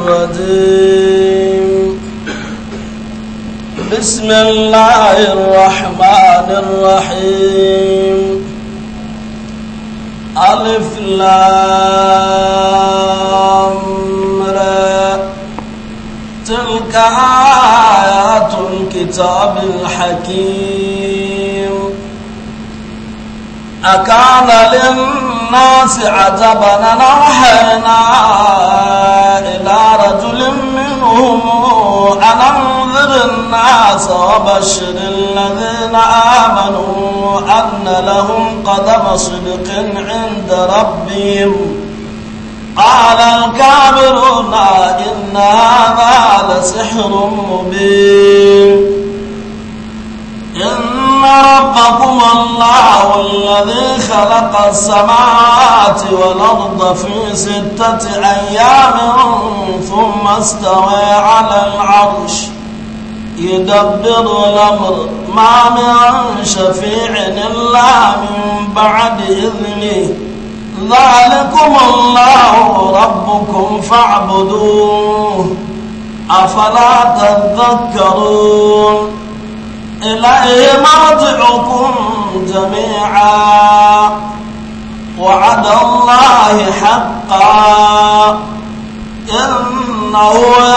الرجيم بسم الله الرحمن الرحيم ألف لامر تلك آيات الكتاب الحكيم أكان للناس الناس عجبا نوحينا إلى رجل منهم أن أنذر الناس وبشر الذين آمنوا أن لهم قدم صدق عند ربهم قال الكافرون إن هذا لسحر مبين إن ربكم الله الذي خلق السماوات والأرض في ستة أيام ثم استوى على العرش يدبر الأمر ما من شفيع إلا من بعد إذنه ذلكم الله ربكم فاعبدوه أفلا تذكرون إليه مرجعكم جميعا وعد الله حقا إنه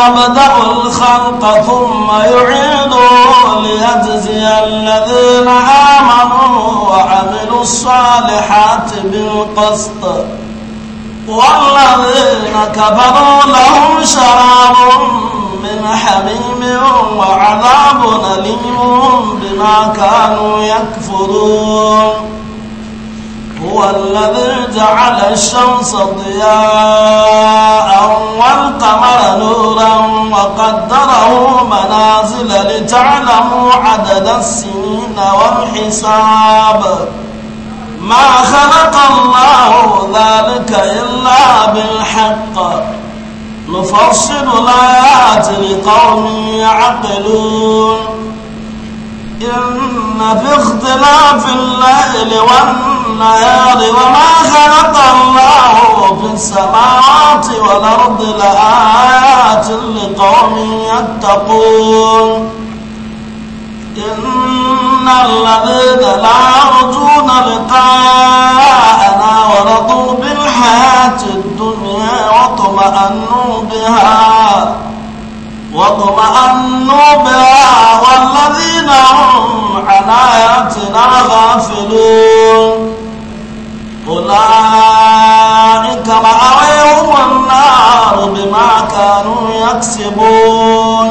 يبدأ الخلق ثم يعيده ليجزي الذين آمنوا وعملوا الصالحات بالقسط والذين كفروا لهم شراب حميم وعذاب أليم بما كانوا يكفرون هو الذي جعل الشمس ضياء والقمر نورا وقدره منازل لتعلموا عدد السنين والحساب ما خلق الله ذلك إلا بالحق نفصل الآيات لقوم يعقلون إن في اختلاف الليل والنهار وما خلق الله في السماوات والأرض لآيات لقوم يتقون إن الذين لا يرجون لقاءنا ورضوا بالحياة الدنيا واطمأنوا بها واطمأنوا بها والذين هم عن آياتنا غافلون أولئك مأويهم النار بما كانوا يكسبون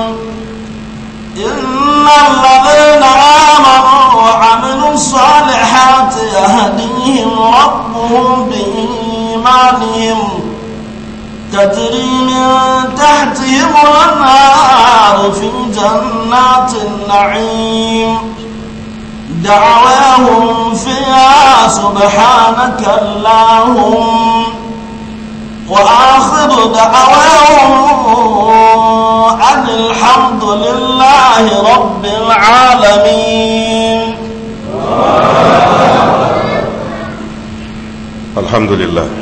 إن الذين آمنوا وعملوا الصالحات يهديهم ربهم بإيمانهم تجري من تحتهم الأنهار في جنات النعيم دعواهم فيها سبحانك اللهم وآخر دعواهم أن الحمد لله رب العالمين الحمد لله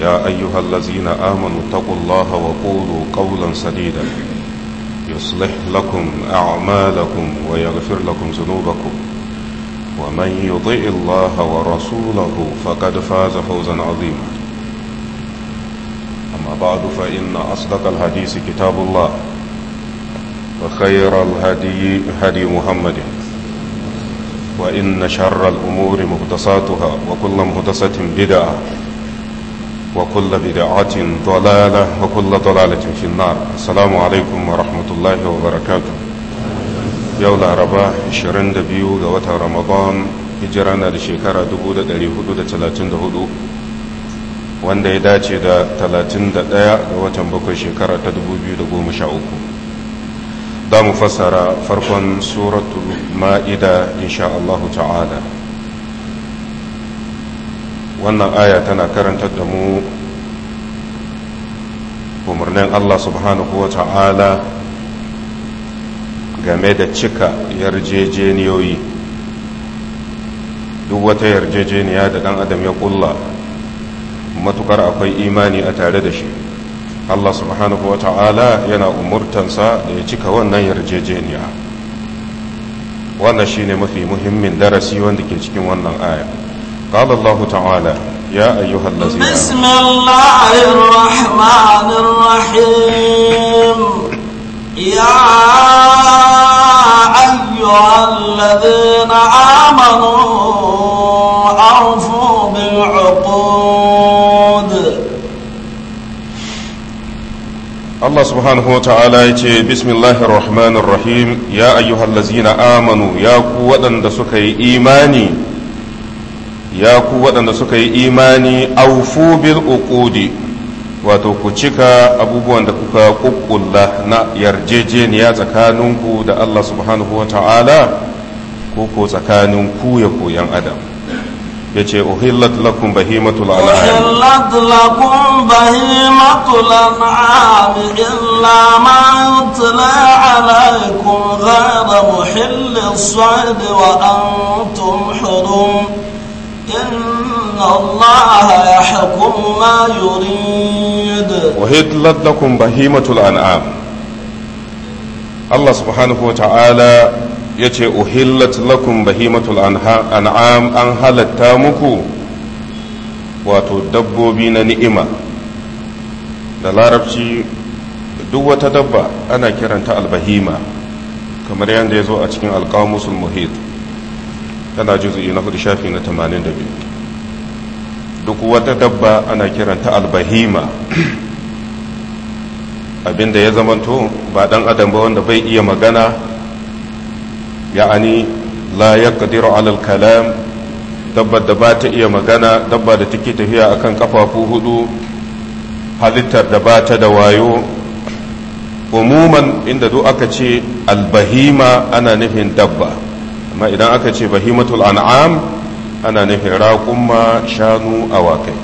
يا أيها الذين آمنوا اتقوا الله وقولوا قولا سديدا يصلح لكم أعمالكم ويغفر لكم ذنوبكم ومن يطئ الله ورسوله فقد فاز فوزا عظيما أما بعد فإن أصدق الحديث كتاب الله وخير الهدي هدي محمد وإن شر الأمور مهدساتها وكل مهدسة بدعة وكل بدعة ضلالة وكل ضلالة في النار السلام عليكم ورحمة الله وبركاته يوم العربة 22 ga watan Ramadan hijira na da shekara 1434 wanda ya dace da ɗaya ga watan bakwai shekara ta 2013 za mu fassara farkon suratul ma'ida insha Allah ta'ala wannan aya tana karantar da mu umarnin Allah subhanahu wa ta'ala game da cika yarjejeniyoyi duk wata yarjejeniya da ɗan adam ya ƙulla matukar akwai imani a tare da shi Allah subhanahu wa ta'ala yana umurtansa da ya cika wannan yarjejeniya wannan shi ne mafi muhimmin darasi wanda ke cikin wannan aya قال الله تعالى يا أيها الذين بسم الله الرحمن الرحيم يا أيها الذين آمنوا أوفوا بالعقود الله سبحانه وتعالى يتي بسم الله الرحمن الرحيم يا أيها الذين آمنوا يا قوة دسكي إيماني ya ku waɗanda suka yi imani aufu bil uqudi wato ku cika abubuwan da kuka kukkulla na yarjejeniya tsakaninku da Allah subhanahu wa ta'ala ko ko tsakanin ku ya koyan adam ya ce uhillat lakum bahimatul an'am uhillat lakum bahimatul an'am illa ma yutla alaykum ghayra muhillis sayd wa antum hurum إن الله يحكم ما يريد وهدلت لكم بهيمة الأنعام الله سبحانه وتعالى yace uhillat lakum bahimatul an'am an halatta muku wato dabbobi na ni'ima da larabci duk wata dabba ana kiranta albahima kamar yadda ya zo a cikin alƙamusul muhit tana juzu'i na hudu shafi na tamanin da biyu duk wata dabba ana kiranta albahima abinda ya zamanto ba dan adam ba wanda bai iya magana ya'ani la yaqdiru alal kalam dabbar da ba ta iya magana dabba da take tafiya akan kafafu hudu halittar da ba ta da wayo umuman inda duk aka ce albahima ana nufin dabba amma idan aka ce bahimatul an'am ana nufin raƙumma shanu awakai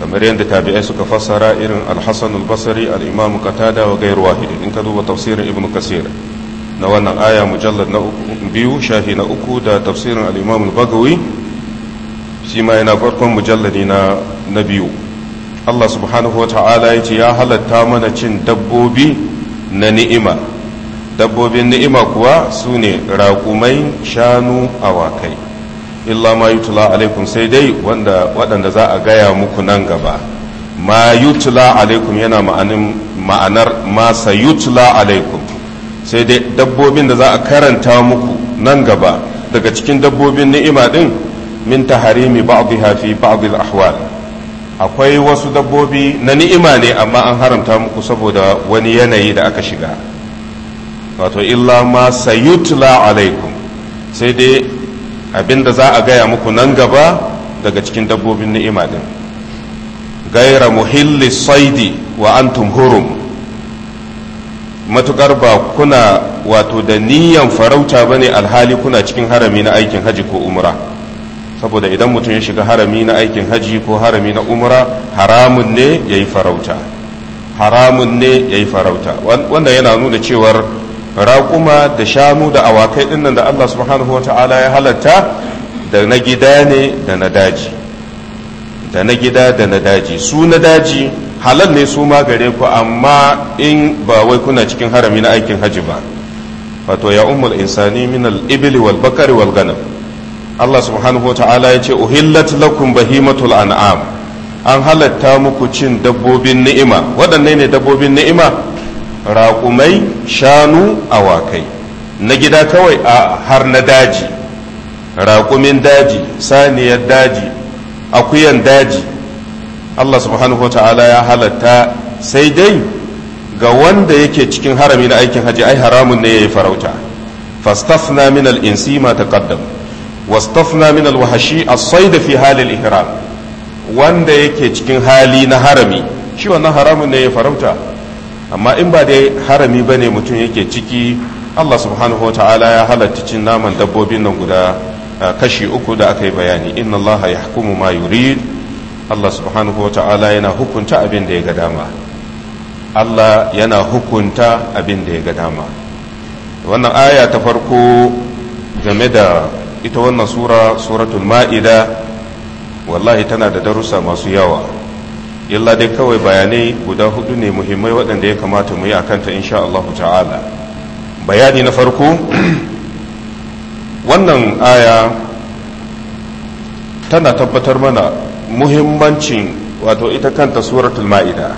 kamar yadda tabi'ai suka fassara irin alhassan albasari al'imam katada wa gairu wahidi in ka duba tafsirin ibn kasir na wannan aya mujallar na biyu shafi na uku da tafsirin al'imam bagawi shi ma yana farkon mujalladi na biyu allah subhanahu wa ta'ala ya ce ya halatta mana cin dabbobi na ni'ima dabbobin ni'ima kuwa su ne raƙumai shanu awakai illa ma yutula alaikum sai dai wanda waɗanda za a gaya muku nan gaba ma yutula alaikum yana ma'anar masa yutula alaikum sai dai dabbobin da za a karanta muku nan gaba daga cikin dabbobin ni'ima din min ta harimi ba'dha fi ba'd ahwal akwai wasu dabbobi na ni'ima ne amma an haramta muku saboda wani yanayi da aka shiga wato illa ma sayutla alaikum sai dai abinda za a gaya muku nan gaba daga cikin dabbobin ni'ima din gaira muhilli saidi wa antum hurum matukar ba kuna wato da niyan farauta ba ne alhali kuna cikin harami na aikin haji ko umra saboda idan mutum ya shiga harami na aikin haji ko harami na umra haramun ne yayi farauta haramun ne yayi farauta wanda yana nuna cewar raƙuma da shanu da awakai ɗinnan da Allah subhanahu wa ta'ala ya halatta da na gida ne da na daji da na gida da na daji su na daji halal ne su ma gare ku amma in ba wai kuna cikin harami na aikin haji ba wato ya ummul insani min al ibli wal bakari wal ganam Allah subhanahu ta'ala ya ce uhillat lakum bahimatul an'am an halatta muku cin dabbobin ni'ima waɗanne ne dabbobin ni'ima raƙumai shanu awakai na gida kawai a har na daji raƙumin daji saniyar daji akuyan daji Allah subhanahu wa ta'ala ya halatta sai dai ga wanda yake cikin harami na aikin haji ai haramun ne ya yi farauta fastafna min al ma taqaddam wastafna min al-wahashi as fi halin ihram wanda yake cikin hali na harami shi wannan haramun ne ya farauta amma in ba dai harami ba ne mutum yake ciki allah subhanahu wa ta'ala ya halatta cin naman dabbobin nan guda ah, kashi uku da aka yi bayani inna allah ya hukumu ma yurid allah subhanahu wa ta'ala yana hukunta abin da ya ga dama allah yana hukunta abin da ya ga dama wannan aya ta farko game da ita wannan sura suratul ma'ida wallahi tana da darussa masu yawa illa dai kawai bayanai guda hudu ne muhimmai waɗanda ya kamata mu yi a kanta insha Allah ta'ala bayani na farko wannan aya tana tabbatar mana muhimmancin wato ita kanta suratul ma'ida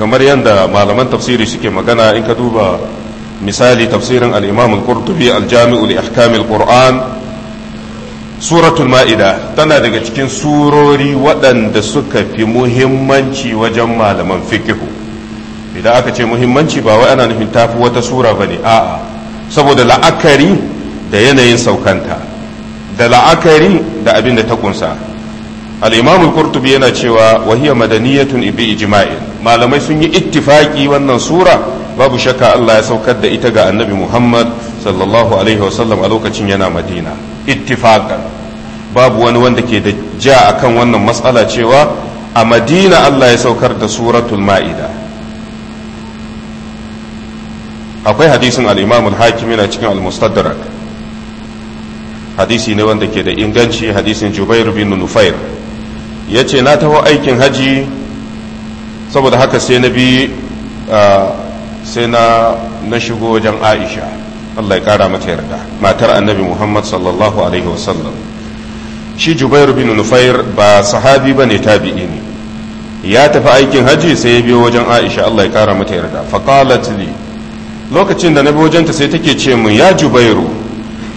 kamar yadda malaman tafsiri suke magana in ka duba misali tafsirin al-imam al-qurtubi al-jami'u li al-qur'an suratul ma'ida tana daga cikin surori waɗanda suka fi muhimmanci wajen malaman fikihu idan aka ce muhimmanci ba wai ana nufin tafi wata sura ba ne a'a saboda la'akari da yanayin saukanta da la'akari da abin da ta kunsa al'imamul kurtubi yana cewa wahiya madaniyatun ibi ijma'in malamai sun yi ittifaki wannan sura babu shakka Allah ya saukar da ita ga annabi Muhammad sallallahu alaihi wasallam a lokacin yana madina ittifaqan babu wani wanda ke da ja akan wannan matsala cewa a madina Allah ya saukar da suratul ma'ida akwai hadisin al-imam al-hakim yana cikin al-mustadrak hadisi ne wanda ke da inganci hadisin jubair bin nufair ya ce na taho aikin haji saboda haka sai na bi ah, sai na shigo wajen aisha Allah ya ƙara mata yarda matar annabi Muhammad sallallahu alaihi wasallam shi Jubair bin Nufair ba sahabi ba ne tabi'i ne ya tafi aikin haji sai ya biyo wajen Aisha Allah ya ƙara mata yarda fa qalat lokacin da na bi wajenta sai take ce min ya Jubairu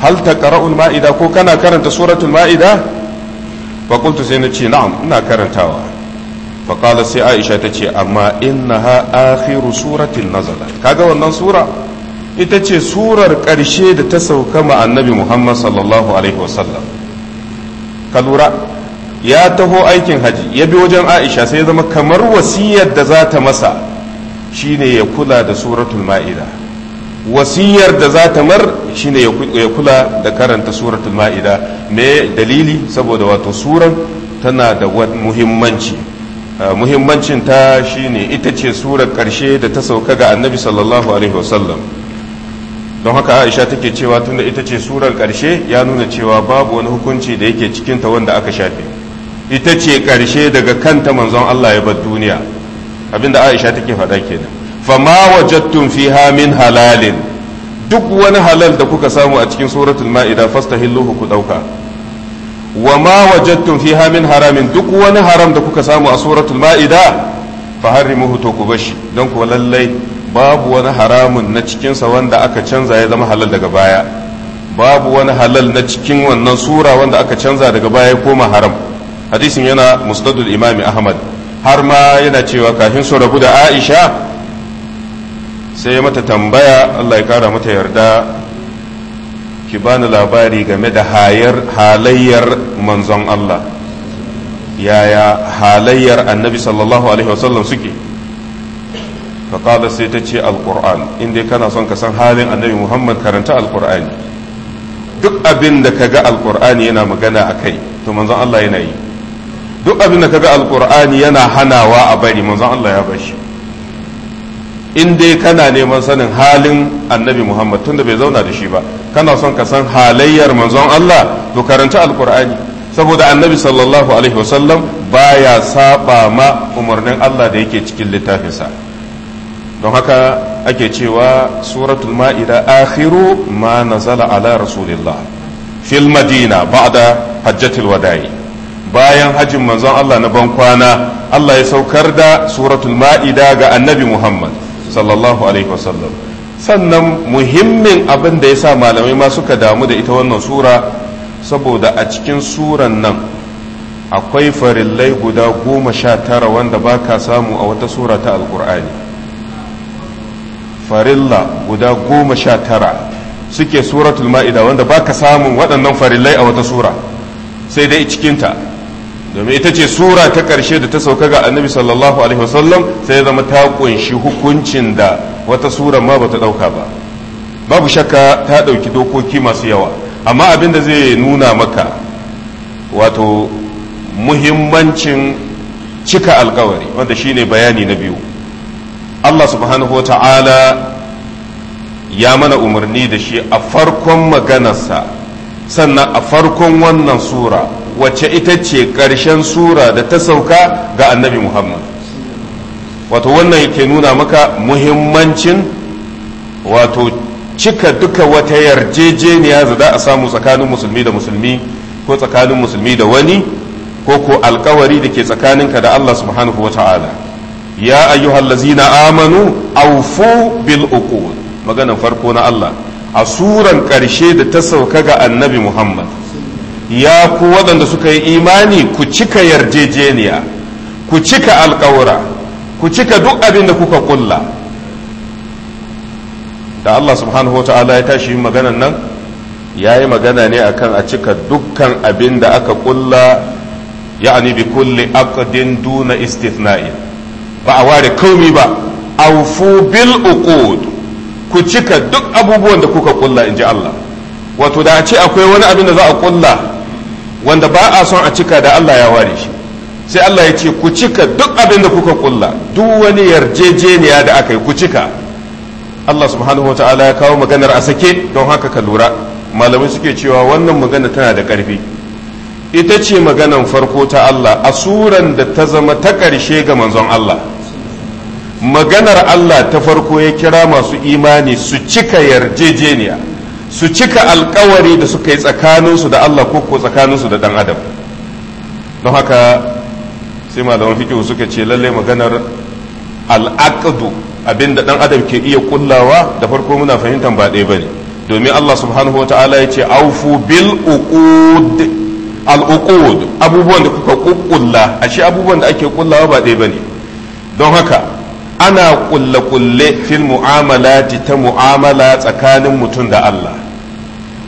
hal ta taqra'ul ma'ida ko kana karanta suratul ma'ida fa sai na ce na'am ina karantawa fa sai Aisha ta ce amma innaha akhiru suratin nazalat kaga wannan sura ita ce surar ƙarshe da ta sauka ma annabi muhammad sallallahu alaihi wasallam ka lura ya taho aikin haji ya bi wajen aisha sai ya zama kamar wasiyar da za ta masa ne ya kula da suratul ma'ida wasiyar da za ta mar ne ya kula da karanta suratul ma'ida me dalili saboda wato suran tana da muhimmanci ah, muhimmancin ta shine ita ce surar ƙarshe da ta sauka ga annabi sallallahu alaihi wasallam don haka aisha take cewa tunda ita ce surar ƙarshe ya nuna cewa babu wani hukunci da yake cikinta wanda aka shafe ita ce ƙarshe daga kanta manzon Allah ya bar duniya abinda aisha take faɗa kenan fama wajattum fi min halalin duk wani halal da kuka samu a cikin suratul ma'ida fastahilluhu ku ɗauka wa ma wajattum fi min haramin duk wani haram da kuka samu a suratul ma'ida fa harrimuhu to ku bashi don ku lallai babu wani haramun na cikinsa wanda aka canza ya zama halal daga baya babu wani halal na cikin wannan sura wanda aka canza daga baya ya koma haram hadisin yana musnadul imami ahmad har ma yana cewa kafin su rabu da aisha sai ya mata tambaya allah ya kara mata yarda ki bani labari game da halayyar manzon allah yaya halayyar annabi sallallahu alaihi wasallam suke faƙada sai ta ce alƙur'an inda kana son ka san halin annabi muhammad karanta alƙur'ani duk abin da ka ga alƙur'ani yana magana a kai to manzon allah yana yi duk abin da ka ga alƙur'ani yana hanawa a bari manzon allah ya bashi in dai kana neman sanin halin annabi muhammad tunda bai zauna da shi ba kana son ka san halayyar manzon allah to karanta alƙur'ani saboda annabi sallallahu alaihi wasallam baya saba ma umarnin allah da yake cikin littafinsa don haka ake cewa suratul ma'ida akhiru ma nazala ala rasulillah fil madina ba'da hajjatul wada'i bayan hajjin manzon Allah na ban kwana Allah ya saukar da suratul ma'ida ga annabi Muhammad sallallahu alaihi wasallam sannan muhimmin abin da ya sa malamai ma suka damu da ita wannan sura saboda a cikin suran nan akwai farillai guda goma sha tara wanda ba ka samu a wata sura ta alkur'ani farilla guda goma sha tara suke suratul ma'ida wanda ba ka samun waɗannan farillai a wata sura sai dai cikinta domin ita ce sura ta ƙarshe da ta sauka ga annabi sallallahu alaihi wasallam sai zama ta kunshi hukuncin da wata sura ma bata ɗauka ba babu shakka ta ɗauki dokoki masu yawa amma abin da zai nuna maka wato muhimmancin cika alkawari wanda shine bayani na biyu Allah subhanahu wa ta'ala ya mana umarni da shi a farkon maganarsa sannan a farkon wannan sura wacce ita ce ƙarshen sura da ta sauka ga annabi Muhammad wato wannan yake nuna maka muhimmancin wato cika duka wata yarjejeniya da za a samu tsakanin musulmi da musulmi ko tsakanin musulmi da wani ko ko alkawari da ke tsakaninka da Allah subhanahu wa ta'ala ya ayyuhal lazina amanu aufu bil uqud maganan farko na Allah a suran ƙarshe da ta sauka ga annabi Muhammad ya ku waɗanda suka yi imani ku cika yarjejeniya ku cika alƙawura ku cika duk abinda kuka ƙulla da Allah subhanahu wa ta'ala ya tashi magana nan ya yi magana ne akan a cika dukkan abinda aka ƙulla ya'ani bi kulli aqdin duna istithna'in ba a ware kaumi ba aufu bil uqud ku cika duk abubuwan da kuka kulla inji Allah wato da a ce akwai wani abin da za a kulla wanda ba a son a cika da Allah ya ware shi sai Allah ya ce ku cika duk abin da kuka kulla duk wani yarjejeniya da aka yi ku cika Allah subhanahu wataala ya kawo maganar a sake don haka ka lura malamai suke cewa wannan magana tana da ƙarfi ita ce maganan farko ta Allah a suran da ta zama ta ƙarshe ga manzon Allah maganar Allah ta farko ya kira masu imani su cika yarjejeniya su cika alkawari da suka yi tsakaninsu da Allah ko ko tsakaninsu da dan adam don haka sai malaman fikihu suka ce lallai maganar al'aqdu abinda dan adam ke iya kullawa da farko muna fahimtar ba ɗaya bane domin Allah subhanahu wataala ya ce aufu bil uqud al uqud abubuwan da kuka kukkulla ashe abubuwan da ake kullawa ba ɗaya bane don haka ana kulle-kulle fil mu'amalati ta mu'amala tsakanin mutum da Allah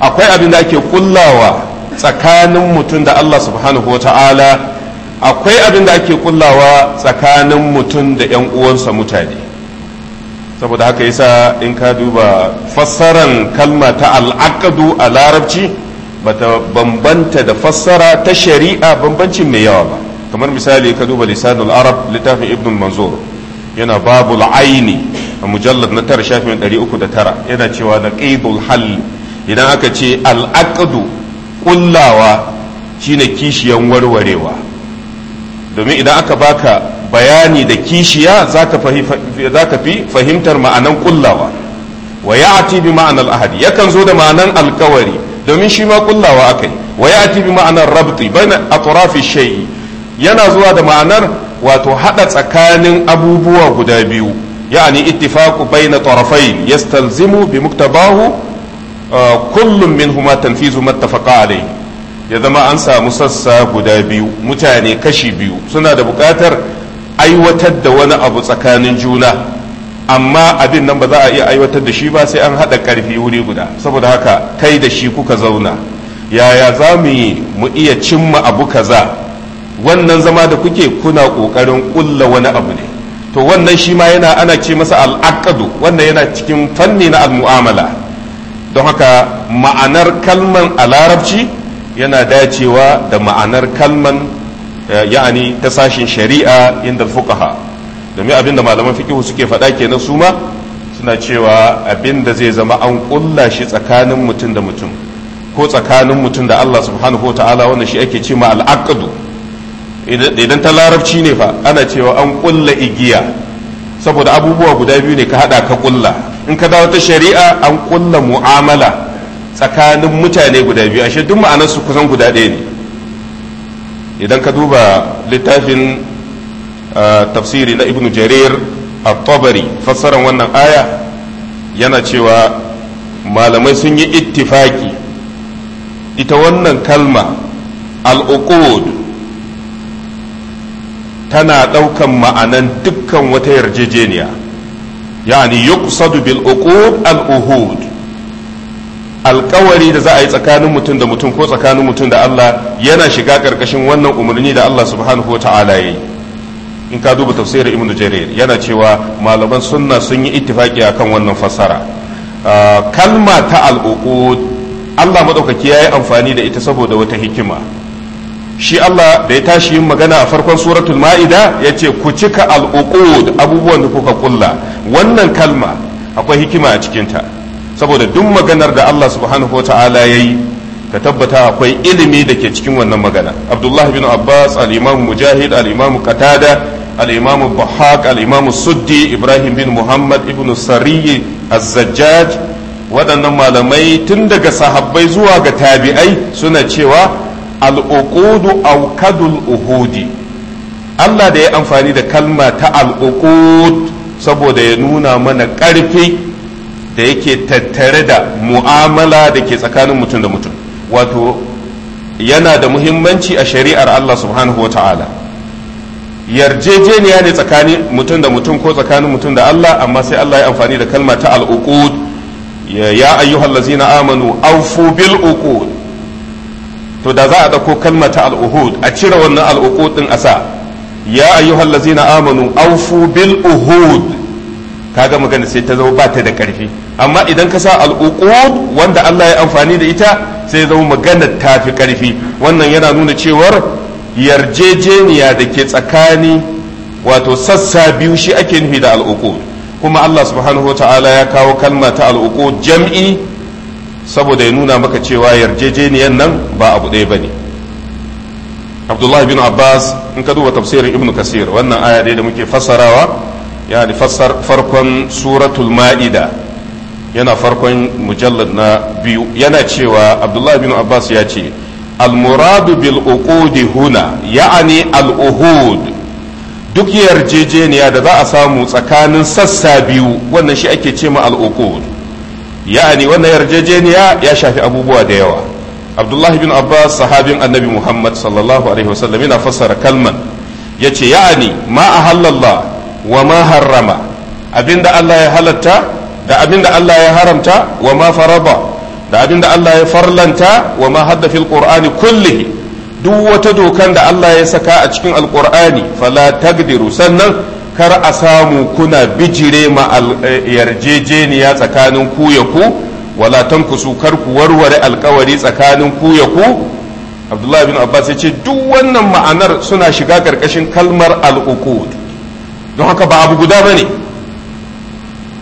akwai abin da ake kullawa tsakanin mutum da Allah subhanahu wa ta'ala akwai abin da ake kullawa tsakanin mutum da 'yan uwansa mutane saboda haka yasa in ka duba fassaran kalma ta al'akadu a larabci bata bambanta da fassara ta shari'a bambancin mai yawa ba kamar misali ka duba lisanul arab littafin ibn manzur yana babul aini a mujallar na tara shafin tara yana cewa da qaidul hal idan aka ce al'aqdu ƙullawa shine kishiyan warwarewa domin idan aka baka bayani da kishiya zaka fi fahimtar ma'anan ƙullawa wa ya'ti bi ma'anar ahadi yakan zo da ma'anan alkawari domin shi ma aka yi wa ya'ti bi ma'anar rabti baina atrafi shay'i yana zuwa da ma'anar wato hada tsakanin abubuwa guda biyu ya'ani ittifaqu bayna tarafayn yastalzimu bi muktabahu ah, kullum minhuma tanfizu mattafaqa alayhi ya zama an samu sassa guda biyu mutane kashi biyu suna da bukatar aiwatar da wani abu tsakanin juna amma abin nan ba za a iya aiwatar da shi ba sai an haɗa karfi wuri guda saboda haka kai da shi kuka zauna yaya za mu iya cimma abu kaza wannan zama da kuke kuna ƙoƙarin ƙulla wani abu ne to wannan shi ma yana ana ce masa al'aqadu wannan yana cikin fanni na al'mu'amala don haka ma'anar kalman a larabci yana dacewa da ma'anar kalman eh, ya'ani ta sashin shari'a inda fuqaha domin abin da malaman fiqihu suke faɗa kenan su ma suna cewa abin da zai zama an ƙulla shi tsakanin mutum da mutum ko tsakanin mutum da Allah subhanahu wa ta'ala wannan shi ake ce ma al'aqadu idan ta larabci ne fa ana cewa an kulla igiya saboda abubuwa guda biyu ne ka hada ka kulla in ka dawo ta shari'a an kulla mu'amala tsakanin mutane guda biyu ashe duk ma'anarsu kusan guda ɗaya ne idan ka duba littafin ah, tafsiri na ibnu jarir a tabari fassaran wannan aya yana cewa malamai sun yi ittifaki ita wannan kalma al-uqud tana ɗaukan ma'anan dukkan wata yarjejeniya yani yuqsadu bil uqud al uhud alkawari da za a yi tsakanin mutum da mutum ko tsakanin mutum da Allah yana shiga karkashin wannan umarni da Allah subhanahu wa ta'ala yi in ka duba tafsirin ibnu jarir yana cewa malaman sunna sun yi ittifaki akan wannan fassara ah, kalma ta al uqud Allah madaukaki yayi amfani da ita saboda wata hikima shi Allah da ya tashi yin magana a farkon suratul ma'ida ya ce ku cika al'uqud abubuwan da kuka kulla wannan kalma akwai hikima a cikinta saboda duk maganar da Allah subhanahu wa ta'ala ya yi ka tabbata akwai ilimi da ke cikin wannan magana abdullahi bin abbas al-imam mujahid al-imam qatada al-imam bahaq al-imam suddi ibrahim bin muhammad ibn sariy az-zajjaj waɗannan malamai tun daga sahabbai zuwa ga tabi'ai suna cewa aluƙudu aukadul uhudi Allah da ya amfani da kalma ta al'uqud saboda ya nuna mana ƙarfi da yake tattare da mu'amala da ke tsakanin mutum da mutum wato yana da muhimmanci a shari'ar Allah subhanahu wa ta'ala yarjejeniya ne tsakanin mutum da mutum ko tsakanin mutum da Allah amma sai Allah ya amfani da kalma ta al'uqud ya ayyuhallazina amanu awfu bil uqud to da za a ɗauko kalma ta al'uhud a cire wannan al'uqud din a sa ya ayyuhal ladzina amanu awfu bil uhud kaga magana sai ta zama bata da ƙarfi amma idan ka sa al'uqud wanda Allah ya amfani da ita sai zama magana ta fi ƙarfi wannan yana nuna cewar yarjejeniya da ke tsakani wato sassa biyu shi ake nufi da al'uqud kuma Allah subhanahu wa ta'ala ya kawo kalma ta al'uqud jam'i saboda ya nuna maka cewa yarjejeniyan nan ba abu ɗaya ba ne abdullahi bin abbas in ka duba tafsirin ibn kasir wannan aya ɗaya da muke fassarawa yani fassar farkon suratul ma'ida yana farkon mujallad na biyu yana cewa abdullahi bin abbas ya ce almuradu bil uqudi huna ya'ani al uhud duk yarjejeniya da za a samu tsakanin sassa biyu wannan shi ake ce ma al uqud ya'ani wannan yarjejeniya ya shafi abubuwa da yawa abdullahi bin abbas sahabin annabi muhammad sallallahu alaihi wasallam yana fassara kalman ya ce ya'ani ma a halallah wa ma harrama abinda allah ya halatta da abinda allah ya haramta wa ma faraba da abinda allah ya farlanta wa ma hadda fil qur'ani kullihi duk wata dokan da allah ya saka a cikin alqur'ani fala tagdiru sannan kar a samu kuna bijire ma eh, yarjejeniya tsakanin ku ya ku wala kar ku warware alkawari tsakanin ku ya ku abdullahi bin abbas ya ce duk wannan ma'anar suna shiga karkashin kalmar al'uqud don haka ba abu guda bane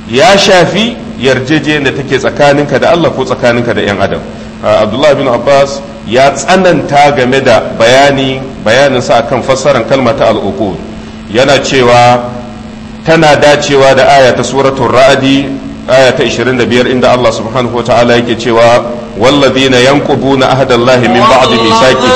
ya shafi yarjejeniyar da take tsakaninka da Allah ko tsakaninka da 'yan adam ah, abdullahi bin abbas ya tsananta game da bayaninsa akan fassarar kalmar ta al'uqud yana cewa tana dacewa da ayata ta suratun ra'adi aya 25 inda Allah subhanahu wa ta'ala yake cewa wallazi na yankubu bu na ahadallahi min ba'adu bi saki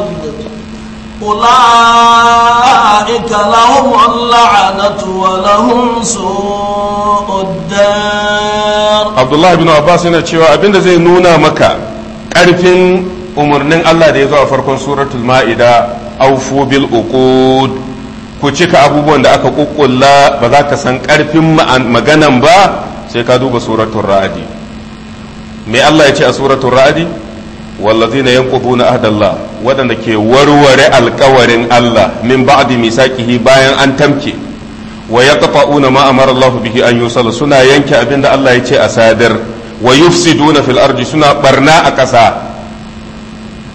yi أولئك لهم اللعنة ولهم سوء الدار عبد الله بن عباس yana cewa abin da zai nuna maka ƙarfin umarnin Allah da ya zo a farkon suratul ma'ida aufu bil uqud ku cika abubuwan da aka kukkulla ba ka san ƙarfin maganan ba sai ka duba suratun ra'adi me Allah ya ce a suratun ra'adi na wallazina na ahdallah waɗanda ke warware alkawarin Allah min ba'di misaqihi bayan an tamke waya yaqta'una ma amara Allah bihi an suna yanke abinda Allah ya ce a sadar wa yufsiduna fil ardi suna barna a ƙasa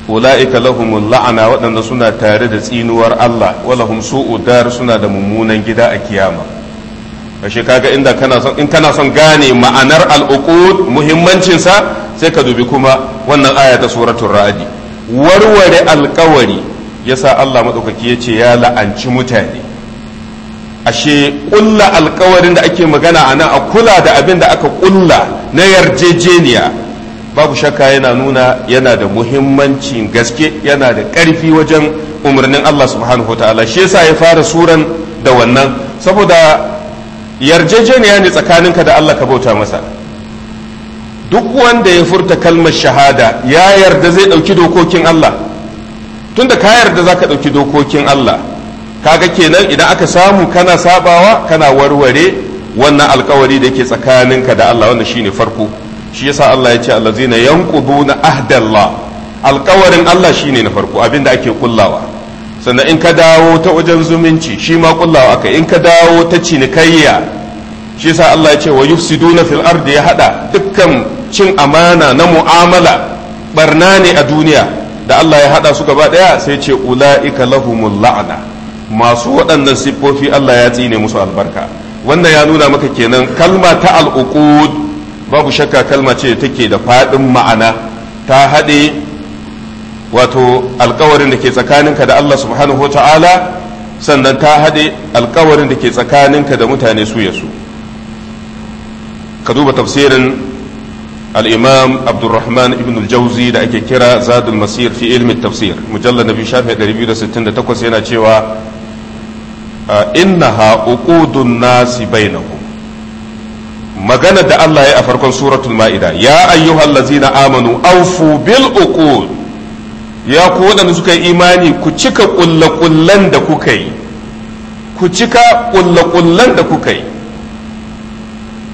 ula'ika lahumul la'ana waɗanda suna tare da tsinuwar Allah walahum su'u dar suna da mummunan gida a kiyama kashe kaga inda kana son in kana son gane ma'anar al'uqud muhimmancin sa sai ka dubi kuma wannan aya ta suratul ra'di warware alƙawari yasa Allah madaukaki yace ya la'anci mutane ashe kulla alƙawarin da ake magana a a kula da abin da aka kulla na yarjejeniya babu shakka yana nuna yana da muhimmancin gaske yana da ƙarfi wajen umarnin Allah subhanahu wa shi yasa ya fara suran da wannan saboda yarjejeniya ne tsakaninka da Allah ka bauta masa duk wanda ya furta kalmar shahada ya yarda zai ɗauki dokokin Allah tunda ka yarda za ka ɗauki dokokin Allah kaga kenan idan aka samu kana sabawa kana warware wannan alkawari da yake tsakaninka da Allah wanda shine farko shi yasa Allah ya ce allazina na ahdallah alkawarin Allah shine na farko abinda ake kullawa sannan in ka dawo ta wajen zumunci shi ma kullawa aka in ka dawo ta cinikayya shi sa Allah ya ce wa yufsiduna fil ardi ya hada dukkan cin amana na mu'amala barna ne a duniya da Allah ya hada su gaba daya sai ce ula'ika lahumul la'ana masu waɗannan siffofi Allah ya tsine musu albarka wannan ya nuna maka kenan kalma ta al'uqud babu shakka kalma ce take da faɗin ma'ana ta haɗe wato alkawarin da ke tsakaninka da Allah subhanahu wa ta'ala sannan ta haɗe alkawarin da ke tsakaninka da mutane su ya su ka duba tafsirin al'imam abdulrahman ibn al-jauzi da ake kira zadul masir fi ilmin tafsir mujallar na biyu shafi yana cewa ha uqudun nasi bainahu magana da Allah ya a farkon suratul ma'ida ya ayyuhallazina amanu aufu bil uqud ya ku waɗanda suka yi imani ku cika ƙullaƙullan da kuka yi ku cika ƙullaƙullan da kuka yi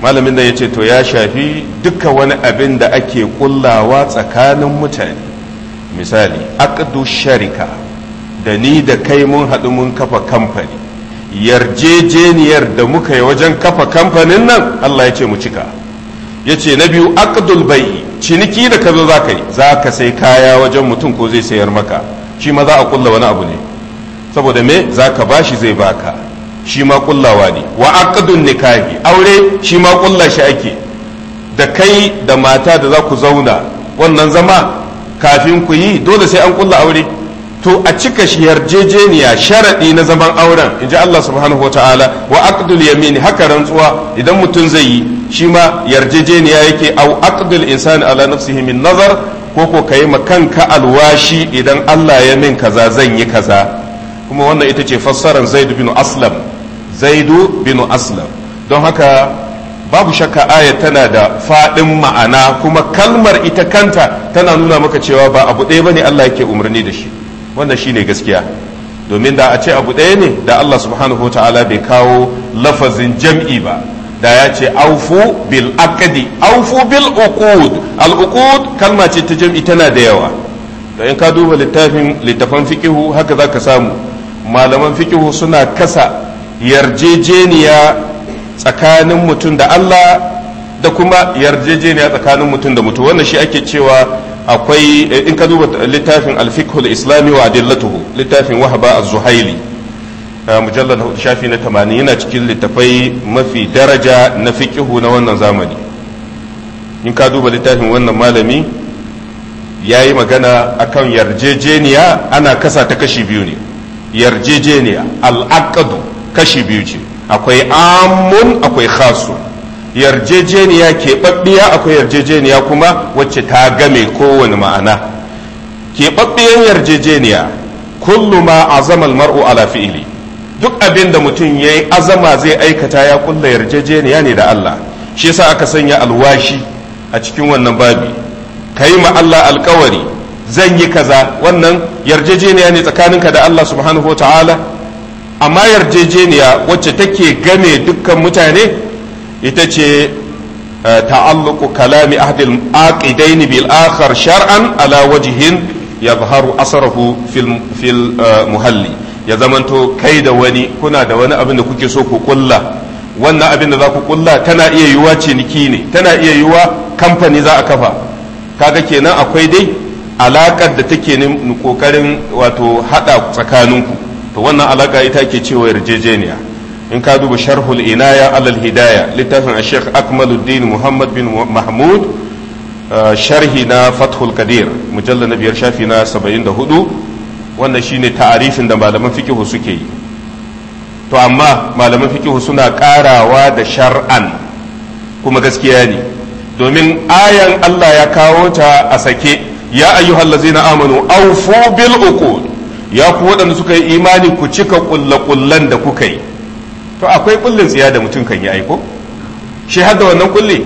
malamin nan ya ce to ya shafi duka wani abin da ake ƙullawa tsakanin mutane misali akadu sharika da ni da kai mun haɗu mun kafa kamfani yarjejeniyar da muka yi wajen kafa kamfanin nan Allah ya ce mu cika ya ce na biyu akadul bai ciniki da ka zo za ka yi za ka sai kaya wajen mutum ko zai sayar maka shi ma za a kulla wani abu ne saboda me za ka bashi zai baka shi ma kullawa ne wa aqdun nikahi aure shi ma kulla shi ake da kai da mata da za ku zauna wannan zama kafin ku yi dole sai an kulla aure to a cika shi yarjejeniya sharaɗi na zaman auren in ji Allah subhanahu wa ta'ala wa aqdul yamin haka rantsuwa idan mutum zai yi shi ma yarjejeniya yake au aqdul insan ala nafsihi min nazar ko ko kai ma kanka alwashi idan Allah ya min kaza zan yi kaza kuma wannan ita ce fassarar Zaid bin Aslam Zaid bin Aslam don haka babu shakka aya tana da fadin ma'ana kuma kalmar ita kanta tana nuna maka cewa ba abu ɗaya bane Allah yake umarni da shi wannan shine gaskiya domin da a ce abu ɗaya ne da Allah subhanahu wa ta'ala bai kawo lafazin jam'i ba da ya ce aufu bil aqdi aufu bil uqud al uqud kalma ce ta jam'i tana da yawa da in ka duba littafin littafan fiqihu haka zaka samu malaman fiqihu suna kasa yarjejeniya tsakanin mutum da Allah da kuma yarjejeniya tsakanin mutum da mutum wannan shi ake cewa akwai in ka duba littafin al fiqhul islami wa adillatuhu littafin wahaba az-zuhaili Ah, mujallar hudu shafi na tamanin yana cikin littafai mafi daraja na fiƙihu na wannan zamani in ka duba littafin wannan malami ya yi magana akan yarjejeniya ana kasa ta kashi biyu ne yarjejeniya al'aqadu kashi biyu ce akwai amun akwai khasu yarjejeniya keɓaɓɓiya akwai yarjejeniya kuma wacce ta game kowane ma'ana keɓaɓɓiyan yarjejeniya kullu ma azamal mar'u ala fi'ili duk abin da mutum ya yi azama zai aikata ya kulla yarjejeniya ne da Allah shi yasa aka sanya alwashi a cikin wannan babi ka yi ma Allah alkawari zan yi kaza wannan yarjejeniya ne tsakaninka da Allah subhanahu wa ta'ala amma yarjejeniya wacce take game dukkan mutane ita ce eh, ta'alluqu kalami ahdil aqidain bil akhar shar'an ala wajhin yadhharu asrahu fil eh, muhalli ya zamanto kai da wani kuna da wani abin da kuke so ku kulla wannan abin da za ku kulla tana iya yiwuwa ciniki ne tana iya yiwuwa kamfani za a kafa kaga kenan akwai dai alakar da take kokarin wato hada tsakaninku to wannan alaka ita ke cewa yarjejeniya in ka duba sharhul inaya alal hidaya littafin ashek akmaluddin muhammad bin mahmud uh, sharhi na fathul kadir mujallar na biyar shafi na saba'in da hudu wannan shine ta'arifin da malaman fikihu suke yi to amma malaman fikihu suna ƙarawa da shar'an kuma gaskiya ne domin ayan Allah ya kawo ta a sake ya ayyuhallazina amanu awfu bil uqud ya ku waɗanda suka yi imani ku cika kullakullan da kuka yi to akwai kullin tsiya da mutum kan yi aiko shi har da wannan kulli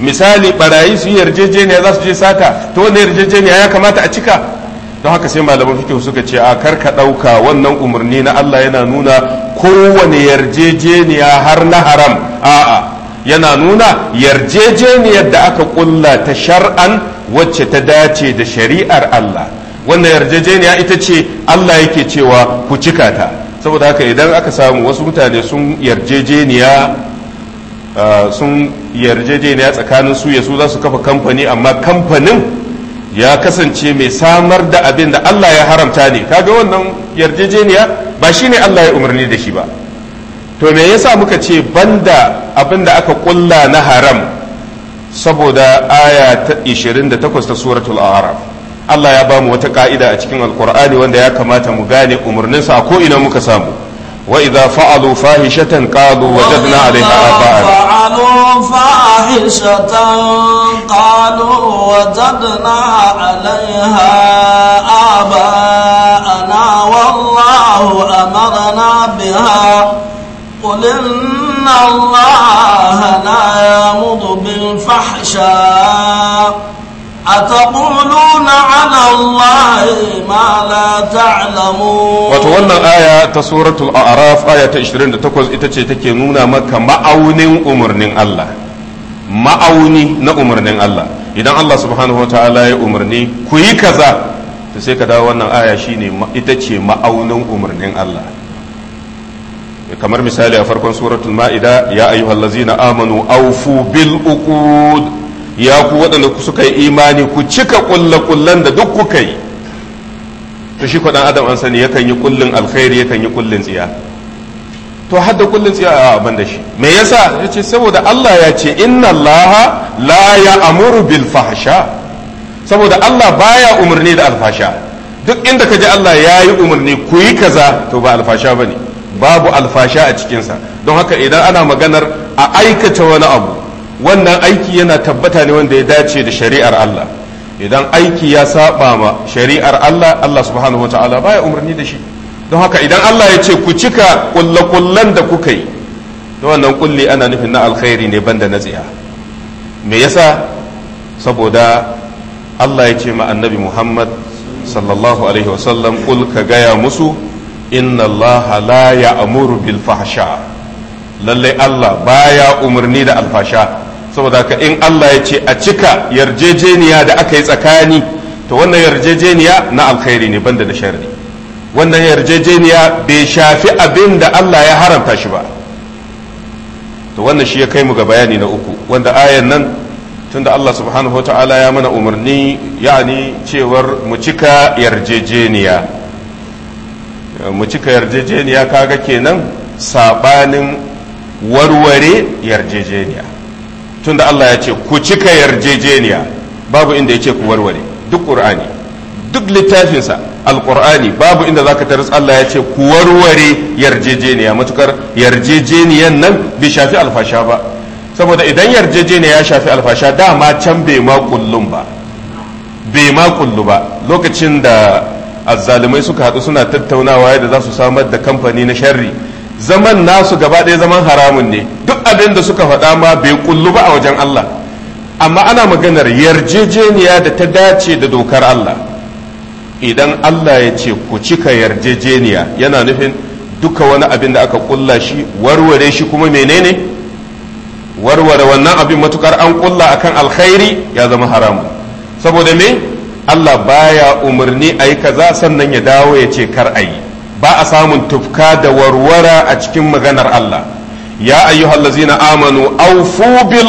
misali barayi su yarjejeniya za su je sata to wannan yarjejeniya ya kamata a cika don haka sai malaman fikihu suka ce a kar ka ɗauka wannan umarni na Allah yana nuna kowane yarjejeniya har na haram a'a yana nuna yarjejeniyar da aka ƙulla ta shar'an wacce ta dace da shari'ar Allah wannan yarjejeniya ita ce Allah yake cewa ku cika ta saboda haka idan aka samu wasu mutane sun yarjejeniya ah, sun yarjejeniya tsakanin su ya su za su kafa kamfani amma kamfanin ya kasance mai samar da abin da Allah ya haramta ne kaga wannan yarjejeniya ba shine Allah ya umarni da shi ba to me yasa muka ce banda abin da aka kulla na haram saboda aya ta 28 ta suratul a'raf Allah ya bamu wata ka'ida a cikin alkur'ani wanda ya kamata mu gane umarninsa a ko ina muka samu وإذا فعلوا فاحشة قالوا وجدنا عليها آباءنا فعلوا فاحشة قالوا وجدنا عليها آباءنا والله أمرنا بها قل إن الله لا يمض بالفحشاء أتقولون على الله ما لا تعلمون wato wannan aya ta suratul a'raf aya ta 28 ita ce take nuna maka ma'aunin umarnin Allah ma'auni na umarnin Allah idan Allah subhanahu ta'ala ya umarni ku yi kaza to sai ka dawo wannan aya shine ita ce ma'aunin umarnin Allah kamar misali a farkon suratul ma'ida ya ayyuhallazina amanu awfu bil uqud ya ku waɗanda suka yi imani ku cika kulle-kullen da duk kuka yi to shi kwaɗan adam an sani yakan yi kullin alkhairi yakan yi kullin tsiya to hadda kullin tsiya a abin da shi me yasa ce saboda Allah ya ce inna Allah la amuru bil fahsha saboda Allah baya umarni da alfasha duk inda ka ji Allah ya yi umarni ku yi kaza to ba alfasha bane babu alfasha a cikinsa don haka idan ana maganar a aikata wani abu wannan aiki yana tabbata ne wanda ya dace da shari'ar Allah idan aiki ya saba ma shari'ar Allah Allah subhanahu wataala baya umarni da shi don haka idan Allah ya ce ku cika kullakullan da kuka yi da wannan kulli ana nufin na alkhairi ne banda na tsiya me yasa saboda Allah ya ce ma annabi Muhammad sallallahu alaihi wasallam kul ka gaya musu inna Allah la ya'muru bil fahsha lallai Allah baya umarni da alfasha saboda ka in Allah ya ce a cika yarjejeniya da aka yi tsakani to wannan yarjejeniya na alkhairi ne banda da sharri wannan yarjejeniya bai shafi abin da Allah ya haramta shi ba to wannan shi ya kai mu ga bayani na uku wanda ayan nan tunda Allah subhanahu wa ta'ala ya mana umarni yani cewar mu cika yarjejeniya mu cika yarjejeniya kaga kenan saɓanin warware yarjejeniya tunda Allah ya ce ku cika yarjejeniya babu inda ya ku warware duk qur'ani duk littafinsa alqur'ani babu inda zaka taras Allah ya ce ku warware yarjejeniya matukar yarjejeniyan nan bai shafi alfasha ba saboda idan yarjejeniya ya shafi alfasha dama can bai ma kullum ba bai ma kullu ba lokacin da azzalumai suka haɗu suna tattaunawa yadda za su samar da kamfani na sharri zaman nasu gaba ɗaya zaman haramun ne duk abin da suka faɗa ma bai kullu ba a wajen Allah amma ana maganar yarjejeniya da ta dace da dokar Allah idan Allah ya ce ku cika yarjejeniya yana nufin duka wani abin da aka kulla shi warware shi kuma menene warware wannan abin matukar an kulla akan alkhairi ya zama haramu saboda me Allah baya umarni a yi kaza sannan ya dawo ya ce kar a yi ba a samun tufka da warwara a cikin maganar Allah ya ayyuhal ladzina amanu awfu bil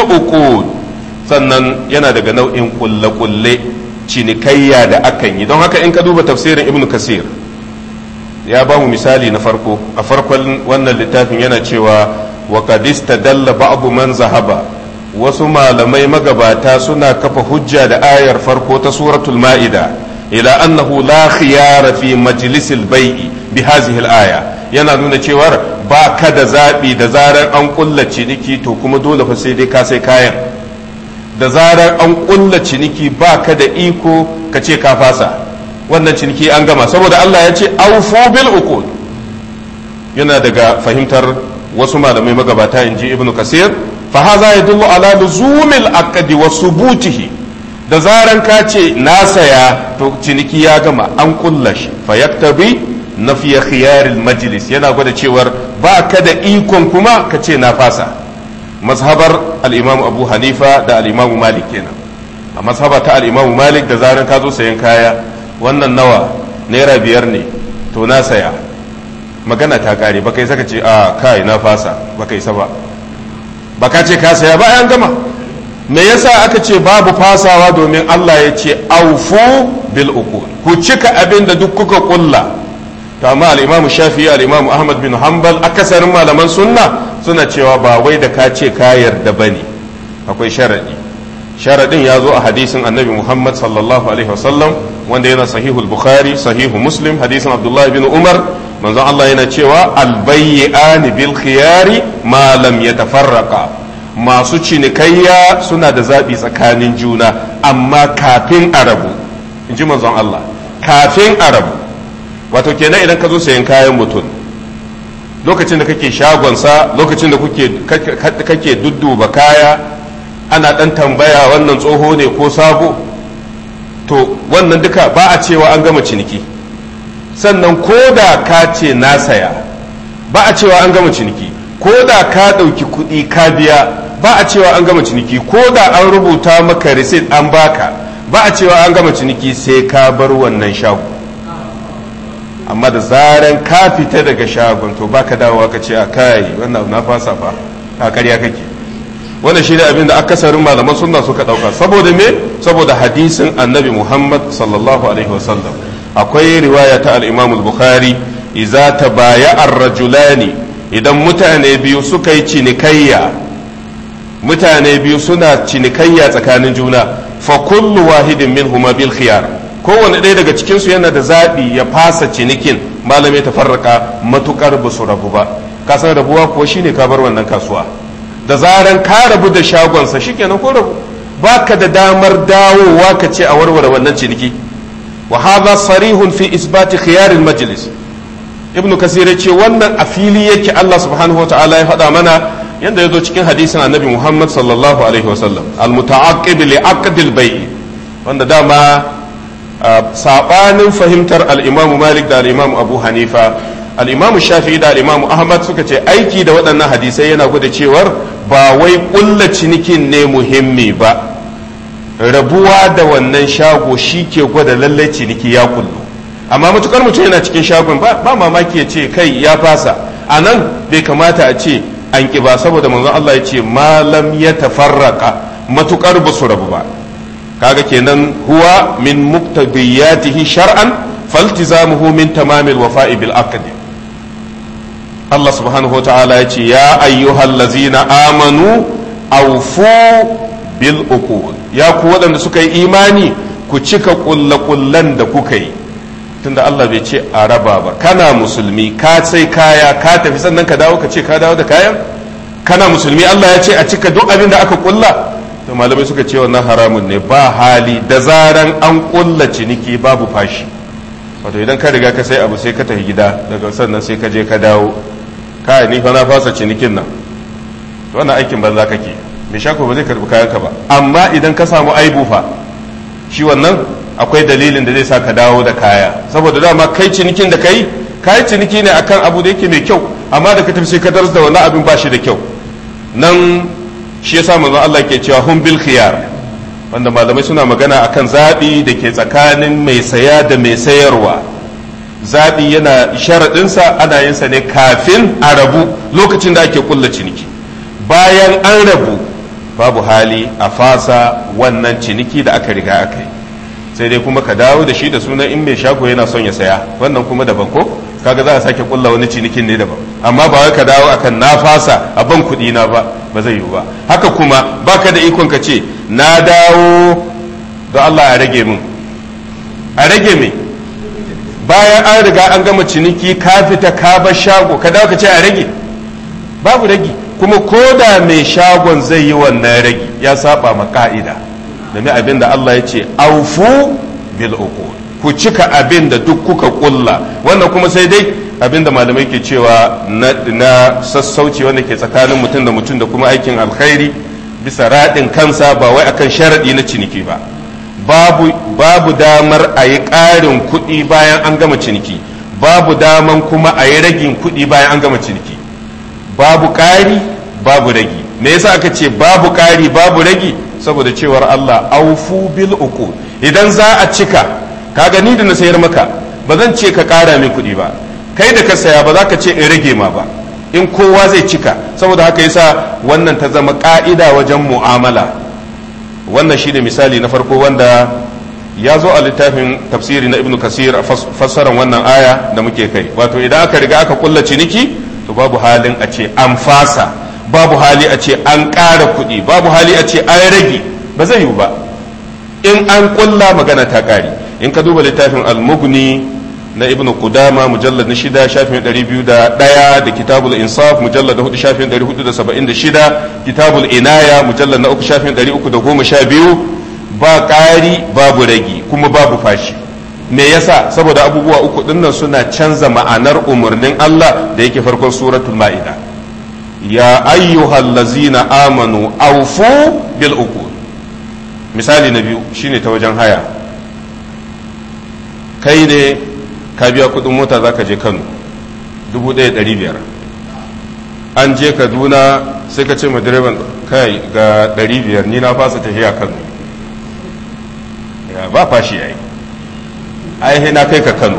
sannan yana daga nau'in kulle kulle cinikayya da akan yi don haka in ka duba tafsirin ibnu kasir ya ba mu misali na farko a farkon wannan littafin yana cewa wa dalla istadalla ba'du man zahaba wasu malamai magabata suna kafa hujja da ayar farko ta suratul ma'ida ila annahu la khiyara fi majlisil bai'i bi hadhihi al-aya yana nuna cewar ba ka da zaɓi da zarar an ƙulla ciniki to kuma dole fa sai dai ka sai kayan da zarar an ƙulla ciniki ba ka da iko ka ce ka fasa wannan ciniki an gama saboda Allah ya ce aufu bil uqud yana daga fahimtar wasu malamai magabata in ji ibnu kasir fa haza yadullu ala luzumil aqdi wa subutihi da zarar ka ce na saya to ciniki ya gama an ƙulla shi fa yaktabi na fiye khiyaril majlis yana gwada cewar ba ka da ikon kuma ka ce na fasa mazhabar al'imamu abu hanifa da al'imamu malik kenan a mazhaba ta al'imamu malik da zarar ka zo sayan kaya wannan nawa naira biyar ne to na saya magana ta kare ba kai saka ce a kai na fasa ba kai sa ba ba ka ce ka saya ba an gama me yasa aka ce babu fasawa domin Allah ya ce aufu bil uku ku cika abin da duk kuka kulla to amma al-imamu shafi'i ahmad bin hanbal akasarin malaman sunna suna cewa ba wai da ka ce ka yarda bane akwai sharaɗi sharaɗin ya zo a hadisin annabi muhammad sallallahu alaihi wasallam wanda yana sahihul bukhari sahihu muslim hadisin abdullahi bin umar manzon allah yana cewa albayyani bil khiyari ma lam yatafarraqa masu cinikayya suna da zaɓi tsakanin juna amma kafin arabu in ji manzon allah kafin arabu wato kenan idan ka zo sayan kayan mutum lokacin da kake shagonsa lokacin da kake dudduba kaya ana dan tambaya wannan tsoho ne ko sabo to wannan duka ba a cewa an gama ciniki sannan ko da ka ce na saya ba a cewa an gama ciniki ko da ka ɗauki kuɗi ka biya ba a cewa an gama ciniki ko da an rubuta maka risit an baka ba a cewa an gama ciniki sai ka bar wannan shago amma da zaran ka fita daga shagon to baka dawowa ka ce a kai wannan na fasa fa a ƙarya kake wannan shi ne abin da akasarin malaman sunna suka ɗauka saboda me saboda hadisin annabi muhammad sallallahu alaihi wasallam akwai riwaya ta al-imam al-bukhari iza tabaya ar-rajulani idan mutane biyu suka yi cinikayya mutane biyu suna cinikayya tsakanin juna fa kullu wahidin minhuma bil khiyar kowane ɗaya daga cikinsu yana da zaɓi ya fasa cinikin malamai ta farraka matukar ba su rabu ba ka san rabuwa kuwa shine ka bar wannan kasuwa da zaran ka rabu da shagonsa kenan ko rabu ka da damar dawowa ka ce a warware wannan ciniki wa sarihun fi isbati khiyar majlis ibnu kasir ya ce wannan a fili yake Allah subhanahu wataala ya faɗa mana yadda ya zo cikin hadisin annabi Muhammad sallallahu alaihi wasallam al muta'aqqib li aqdil bay' wanda dama Uh, sabanin fahimtar al'imamu malik da al'imamu abu hanifa al'imamu shafi'i da al'imamu ahmad suka ce aiki da waɗannan hadisai yana gwada cewar ba wai ƙulla cinikin ne muhimmi ba rabuwa da wannan shago shi ke gwada lallai ciniki ya kullu amma matukar mutum yana cikin shagon ba mamaki ya ce kai ya fasa a nan bai kamata a ce an ƙi ba saboda manzon Allah ya ce malam ya tafarraka matukar ba su rabu ba kaga kenan huwa min muqtadiyatihi shar'an faltizamuhu min tamamil wafa'i bil aqd Allah subhanahu wa ta'ala ya ce ya lazina amanu awfu bil uqud ya ku waɗanda suka yi imani ku cika kullan da kuka yi tunda Allah bai ce a raba ba kana musulmi ka sai kaya ka tafi sannan ka dawo ka ce ka dawo da kayan kana musulmi Allah ya ce a cika duk abin da aka kulla to malamai suka ce wannan haramun ne ba hali da zaran an kulla ciniki babu fashi wato idan ka riga ka sai abu sai ka tafi gida daga sannan sai ka je ka dawo kai ni fa na fasa cinikin nan to wannan aikin banza kake mai shako ba zai karbi kayanka ba amma idan ka samu aibu fa shi wannan akwai dalilin da zai sa ka dawo da kaya saboda dama kai cinikin da kai kai ciniki ne akan abu da yake mai kyau amma da ka tafi sai ka darsa da wannan abin ba shi da kyau nan shi yasa manzo Allah ke cewa hum bil khiyar wanda malamai suna magana akan zabi da ke tsakanin mai saya da mai sayarwa zabi yana sharaɗinsa ana yin sa ne kafin a rabu lokacin da ake kulla ciniki bayan an rabu babu hali a fasa wannan ciniki da aka riga aka yi sai dai kuma ka dawo da shi da sunan in mai shago yana son ya saya wannan kuma daban ko kaga za a sake kulla wani cinikin ne daban amma ba wai ka dawo akan na fasa a ban kuɗi na ba ba zai yiwu ba haka kuma baka da ikon ka ce na dawo da Allah a rage min a rage min bayan an riga an gama ciniki ka fita ka bar shago ka dawo ka ce a rage babu rage kuma ko da mai shagon zai yi wannan rage ya saba ma ka'ida domin abin da Allah ya ce aufu bil uqud ku cika abin da duk kuka kulla wannan kuma sai dai abin da malamai ke cewa na sassauci wanda ke tsakanin mutum da mutum da kuma aikin alkhairi bisa raɗin kansa ba wai akan sharaɗi na ciniki ba babu babu damar a yi ƙarin kuɗi bayan an gama ciniki babu daman kuma a yi ragin kuɗi bayan an gama ciniki babu ƙari babu ragi me yasa aka ce babu ƙari babu ragi saboda cewar Allah aufu bil uku idan za a cika ka gani da na sayar maka ba zan ce ka ƙara min kuɗi ba kai da ka saya ba za ka ce in rage ma ba in kowa zai cika saboda haka yasa wannan ta zama ƙa'ida wajen mu'amala wannan shi ne misali na farko wanda ya zo a littafin tafsiri na ibnu kasir a fassarar wannan aya da muke kai wato idan aka riga aka kulla ciniki to babu halin a ce an fasa babu hali a ce an ƙara kuɗi babu hali a ce an rage ba zai yiwu ba in an kulla magana ta ƙari in ka duba littafin al-mughni na ibn qudama mujallad na shida shafin ɗari biyu da ɗaya da kitabul insaf mujallad na hudu shafin ɗari hudu da saba'in da shida kitabul inaya mujallad na uku shafin ɗari uku da goma sha biyu ba ƙari babu ragi kuma babu fashi me yasa saboda abubuwa uku dinnan suna canza ma'anar umarnin Allah da yake farkon suratul ma'ida ya ayyuhal lazina amanu awfu bil uqud misali na biyu shine ta wajen haya kai ne ka biya kudin mota za ka je kano 1,500 an je kaduna sai ka ce ma direban kai ga 500 ni na fasa tafiya kano ba fashi yayi ai na kai ka kano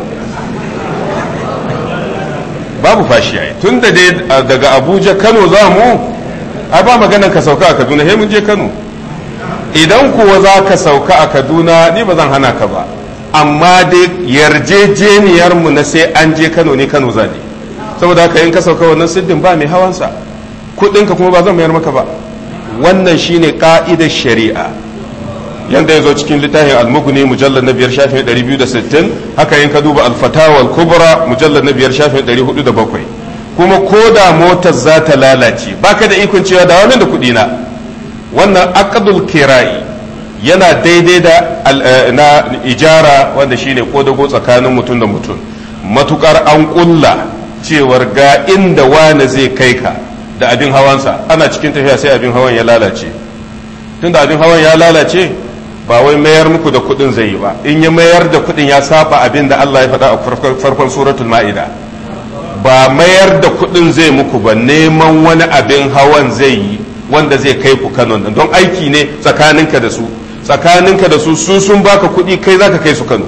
babu fashi yayi tun da dai daga abuja kano za mu ai ba maganan ka sauka a kaduna he mun je kano idan kuwa za ka sauka a kaduna ni ba zan hana ka ba amma dai yarjejeniyar mu na sai an je Kano ne Kano zaje saboda haka in ka sauka wannan siddin ba mai hawansa kudin kuma ba zan mayar maka ba wannan shine ƙa'idar shari'a yanda yazo cikin littafin al-mughni na biyar shafin 260 haka in ka duba alfatawa al-kubra mujallar na biyar shafin 407 kuma ko da motar za ta lalace baka da ikon cewa da wani da kuɗi na wannan akadul kirai yana daidai da eh, na ijara wanda shine kodago tsakanin mutum da mutum matukar an kulla cewar ga inda wane zai kai ka da abin hawansa ana cikin tafiya sai abin hawan ya lalace tunda abin hawan ya lalace ba wai mayar muku da kudin zai yi ba in ya mayar da kudin ya saba abin da Allah ya faɗa a farkon suratul ma'ida ba mayar da kudin zai muku ba neman wani abin hawan zai yi wanda zai kai ku nan don aiki ne tsakaninka da su tsakaninka da su su sun baka kuɗi kai zaka kai su Kano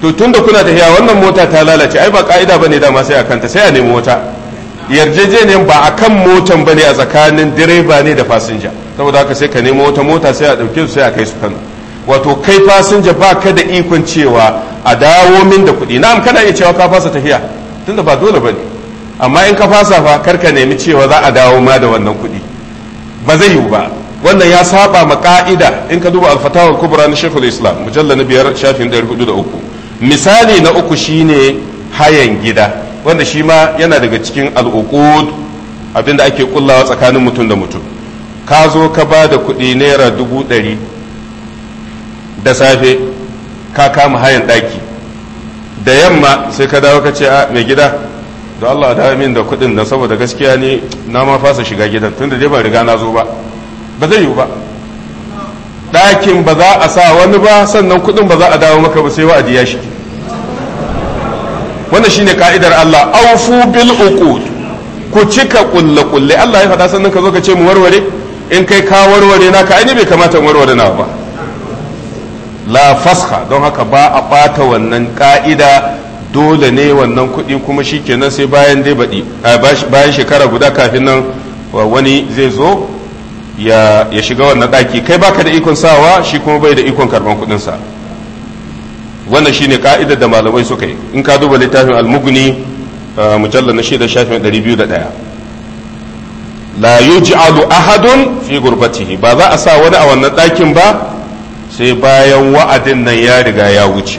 to tunda kuna tafiya wannan mota ta lalace ai ba ka'ida bane dama sai a kanta sai a nemi wata yarjejeniyar ba a kan motan bane a tsakanin direba ne da fasinja saboda haka sai ka nemo wata mota sai a ɗauke su sai a kai su Kano wato kai fasinja ba ka da ikon cewa a dawo min da kuɗi na'am kana iya cewa ka fasa tafiya tunda ba dole bane amma in ka fasa fa kar ka nemi cewa za a dawo ma da wannan kuɗi ba zai yiwu ba wannan ya saba ma ka'ida in ka duba alfatawar kubra na shekul islam mujalla na biyar shafin ɗari hudu da uku misali na uku shine hayan gida wanda shi ma yana daga cikin al'uqud abinda ake kullawa tsakanin mutum da mutum ka zo ka ba da kuɗi naira dubu ɗari da safe ka kama hayan ɗaki da yamma sai ka dawo ka ce a ah, mai gida da Allah da min da kuɗin nan saboda gaskiya ne na ma fasa shiga gidan tunda dai ban riga na zo ba ba zai yiwu ba ɗakin ba za a sa wani ba sannan kuɗin ba za a dawo maka ba sai wa'adi ya shi wannan shine ka'idar Allah aufu bil uqud ku cika kulle kulle Allah ya faɗa sannan ka zo ka ce mu warware in kai ka warware na ka aini bai kamata in warware na ba la fasha don haka ba a bata wannan ka'ida dole ne wannan kuɗi kuma shi kenan sai bayan dai baɗi eh, bayan shekara guda kafin nan wani zai zo ya shiga wannan daki kai baka da ikon sawa shi kuma bai da ikon karban kuɗinsa wannan shine ka'idar da malamai suka yi in ka duba littafin almugni uh, mujalla na shida shafin 201 la yuj'alu ahadun fi gurbatihi ba za a sa wani a wannan ɗakin ba sai bayan wa'adin nan ya riga ya wuce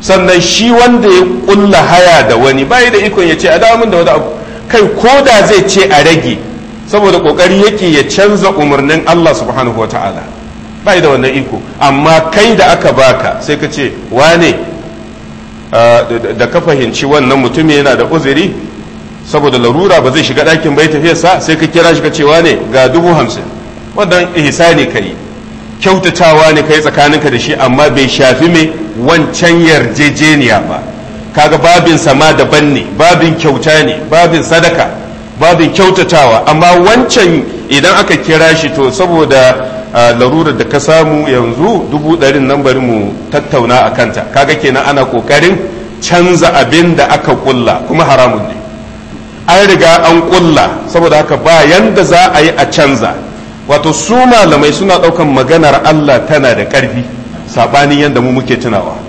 sannan shi wanda ya kulla haya da wani bai da ikon ya ce a da wani abu kai ko da zai ce a rage saboda kokari yake ya canza umarnin Allah subhanahu wa ta'ala bai da wannan iko amma kai da aka baka sai ka ce wane ah, da ka fahimci wannan mutum yana da uzuri saboda larura ba zai shiga ɗakin bai tafiyarsa sai ka kira shi ka ce wane ga dubu hamsin wannan ihsani ka yi kyautatawa ne kai tsakaninka da shi amma bai shafi mai wancan yarjejeniya ba kaga babin sama daban ne babin kyauta ne babin sadaka babin kyautatawa amma wancan idan aka kira shi to saboda larurar da ka samu yanzu dubu ɗarin nan bari mu tattauna a kanta kaga kenan ana ƙoƙarin canza abin da aka ƙulla kuma haramun ne an riga an ƙulla saboda haka bayan da za a yi a canza wato su malamai suna ɗaukan maganar allah tana da ƙarfi saɓanin yadda mu muke tunawa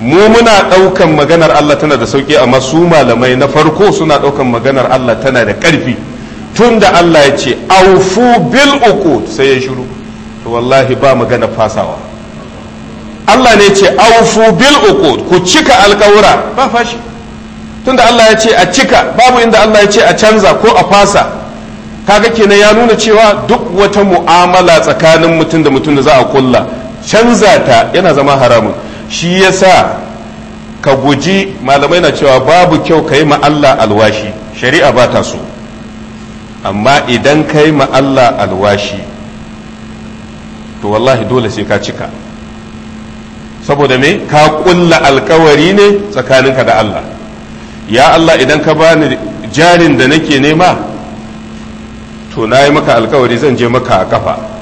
mu muna ɗaukan maganar Allah tana da sauƙi amma su malamai na farko suna ɗaukan maganar Allah tana da ƙarfi tun da Allah ya ce aufu bil uku sai ya shiru to wallahi ba magana fasawa Allah ne ce aufu bil uku ku cika alƙawura ba fashi tun Allah ya ce a cika babu inda Allah ya ce a canza ko a fasa kaga kenan ya nuna cewa duk wata mu'amala tsakanin mutum da mutum da za a kulla canza ta yana zama haramun shi ya sa ka guji malamai na cewa babu kyau ka yi Allah alwashi shari'a ba ta so amma idan ka yi Allah alwashi to wallahi dole sai ka cika saboda me ka kulla alkawari ne tsakaninka da Allah ya Allah idan ka bani jarin da nake nema to na yi maka alkawari zan je maka a kafa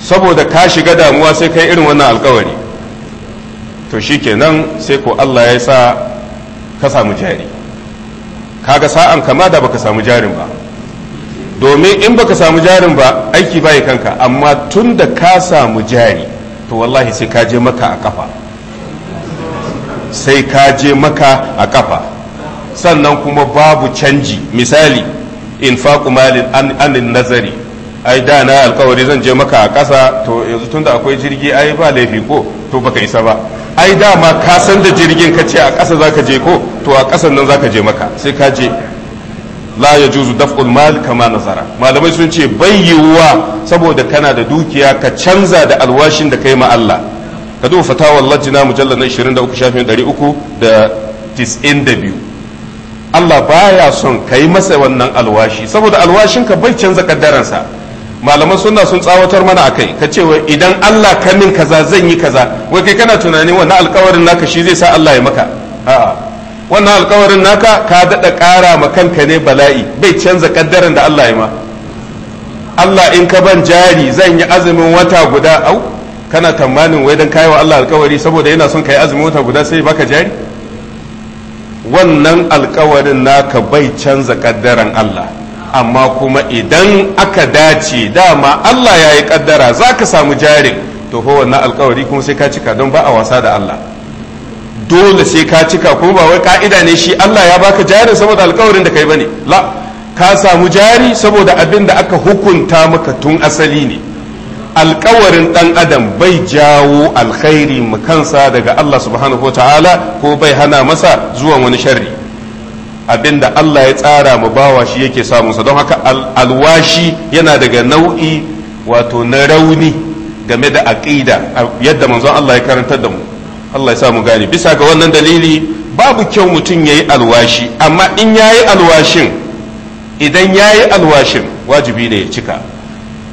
saboda ka shiga damuwa sai kai irin wannan alkawari to shi kenan sai ko Allah ya sa ka samu jari kaga sa'an kama da baka samu jarin ba domin in baka samu jarin ba aiki bai kanka amma tun da ka samu jari to wallahi sai ka je maka a kafa sai ka je maka a kafa sannan kuma babu canji misali in malin an nazari ai da na alkawari zan je maka a ƙasa to yanzu tunda akwai jirgi ai ba laifi ko to baka isa ba ai da ma ka san da jirgin ka ce a ƙasa zaka je ko to a ƙasan nan zaka je maka sai ka je la ya juzu daf'ul mal kama nazara malamai sun ce bai yiwuwa saboda kana da dukiya ka canza da alwashin da kai ma Allah ka duba fatawar lajina mujallar na 23 shafin da 92 Allah baya son kai masa wannan alwashi saboda alwashin ka bai canza kaddaransa malaman suna sun tsawatar mana a kai ka ce wai idan Allah ka min kaza zan yi kaza wai kai kana tunanin wannan alkawarin naka shi zai sa Allah ya maka a'a wannan alkawarin naka ka dada kara ma kanka ne bala'i bai canza kaddaran da Allah ya ma Allah in ka ban jari zan yi azumin wata guda au kana tamanin wai dan wa Allah alkawari saboda yana son kai azumin wata guda sai baka jari wannan alkawarin naka bai canza kaddaran Allah amma kuma idan aka dace dama Allah ya yi kaddara za ka samu jarin to fa wannan alkawari kuma sai ka cika don ba a wasa da Allah dole sai ka cika kuma ba wai ka'ida ne shi Allah ya baka jarin saboda alkawarin da kai bane la ka samu jari saboda abin da aka hukunta maka tun asali ne alkawarin dan adam bai jawo alkhairi kansa daga Allah subhanahu wa ko bai hana masa zuwa wani sharri Abin da Allah ya tsara mu bawa shi yake samunsa don haka alwashi yana daga nau'i wato na rauni game da aqida yadda manzon Allah ya karantar da mu Allah ya sa mu gane bisa ga wannan dalili babu kyau mutum yayi alwashi amma in yayi alwashin idan yayi alwashin wajibi ne ya cika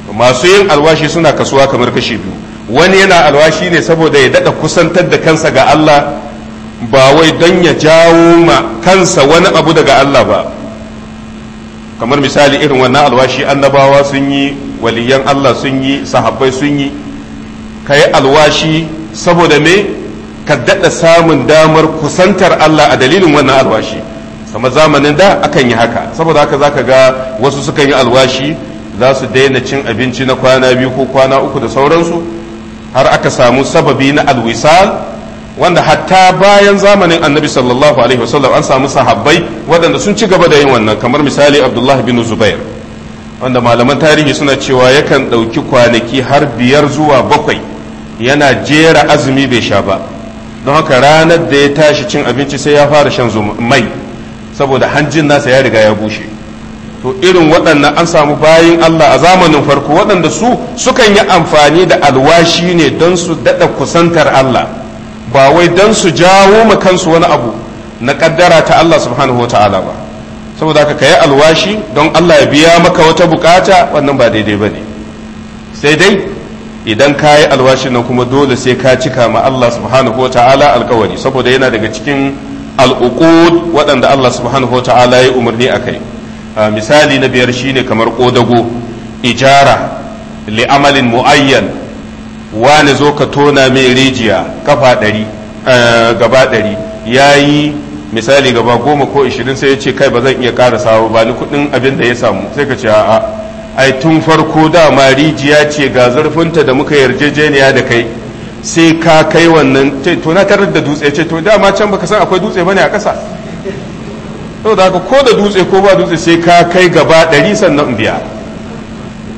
masu yin alwashi suna kasuwa kamar kashe biyu wani yana alwashi ne saboda ya daɗa kusantar da kansa ga Allah ba wai don ya jawo ma kansa wani abu daga Allah ba kamar misali irin wannan alwashi annabawa sun yi waliyan Allah sun yi sahabbai sun yi ka yi alwashi saboda me ka daɗa samun damar kusantar Allah a dalilin wannan alwashi sama zamanin da akan yi haka saboda haka zaka ga wasu sukan yi alwashi za su daina cin abinci na kwana biyu ko kwana uku da sauransu har aka samu sababi na alwisal wanda hatta bayan zamanin annabi sallallahu alaihi wasallam an samu sahabbai waɗanda sun ci gaba da yin wannan kamar misali abdullahi bin zubair wanda malaman tarihi suna cewa yakan ɗauki kwanaki har biyar zuwa bakwai yana jera azumi bai sha ba don haka ranar da ya tashi cin abinci sai ya fara shan mai saboda hanjin nasa ya riga ya bushe to irin waɗannan an samu bayin Allah a zamanin farko waɗanda su sukan yi amfani da alwashi ne don su daɗa kusantar Allah ba wai don su jawo ma kansu wani abu na kaddara ta Allah subhanahu wa ta'ala ba saboda haka yi alwashi don Allah ya biya maka wata bukata wannan ba daidai ba ne sai dai idan ka yi alwashin nan kuma dole sai ka cika ma Allah subhanahu wa ta'ala alkawari saboda yana daga cikin al'uqud waɗanda Allah subhanahu wa ta'ala ya umarni a kai misali na biyar shine kamar ƙodago ijara li amalin mu'ayyan wani zo ka tona mai rijiya kafa ɗari eh, gaba ɗari ya yi misali gaba goma ko ishirin sai ya ce kai ba zan iya ƙara sawo ba ni kuɗin abin da ya samu sai ka ce a'a ai tun farko dama rijiya ce ga zarfinta da muka yarjejeniya da kai sai ka kai wannan to na tarar da dutse ce to dama can baka san akwai dutse bane a ƙasa da haka ko da dutse ko ba dutse sai ka kai gaba ɗari sannan biya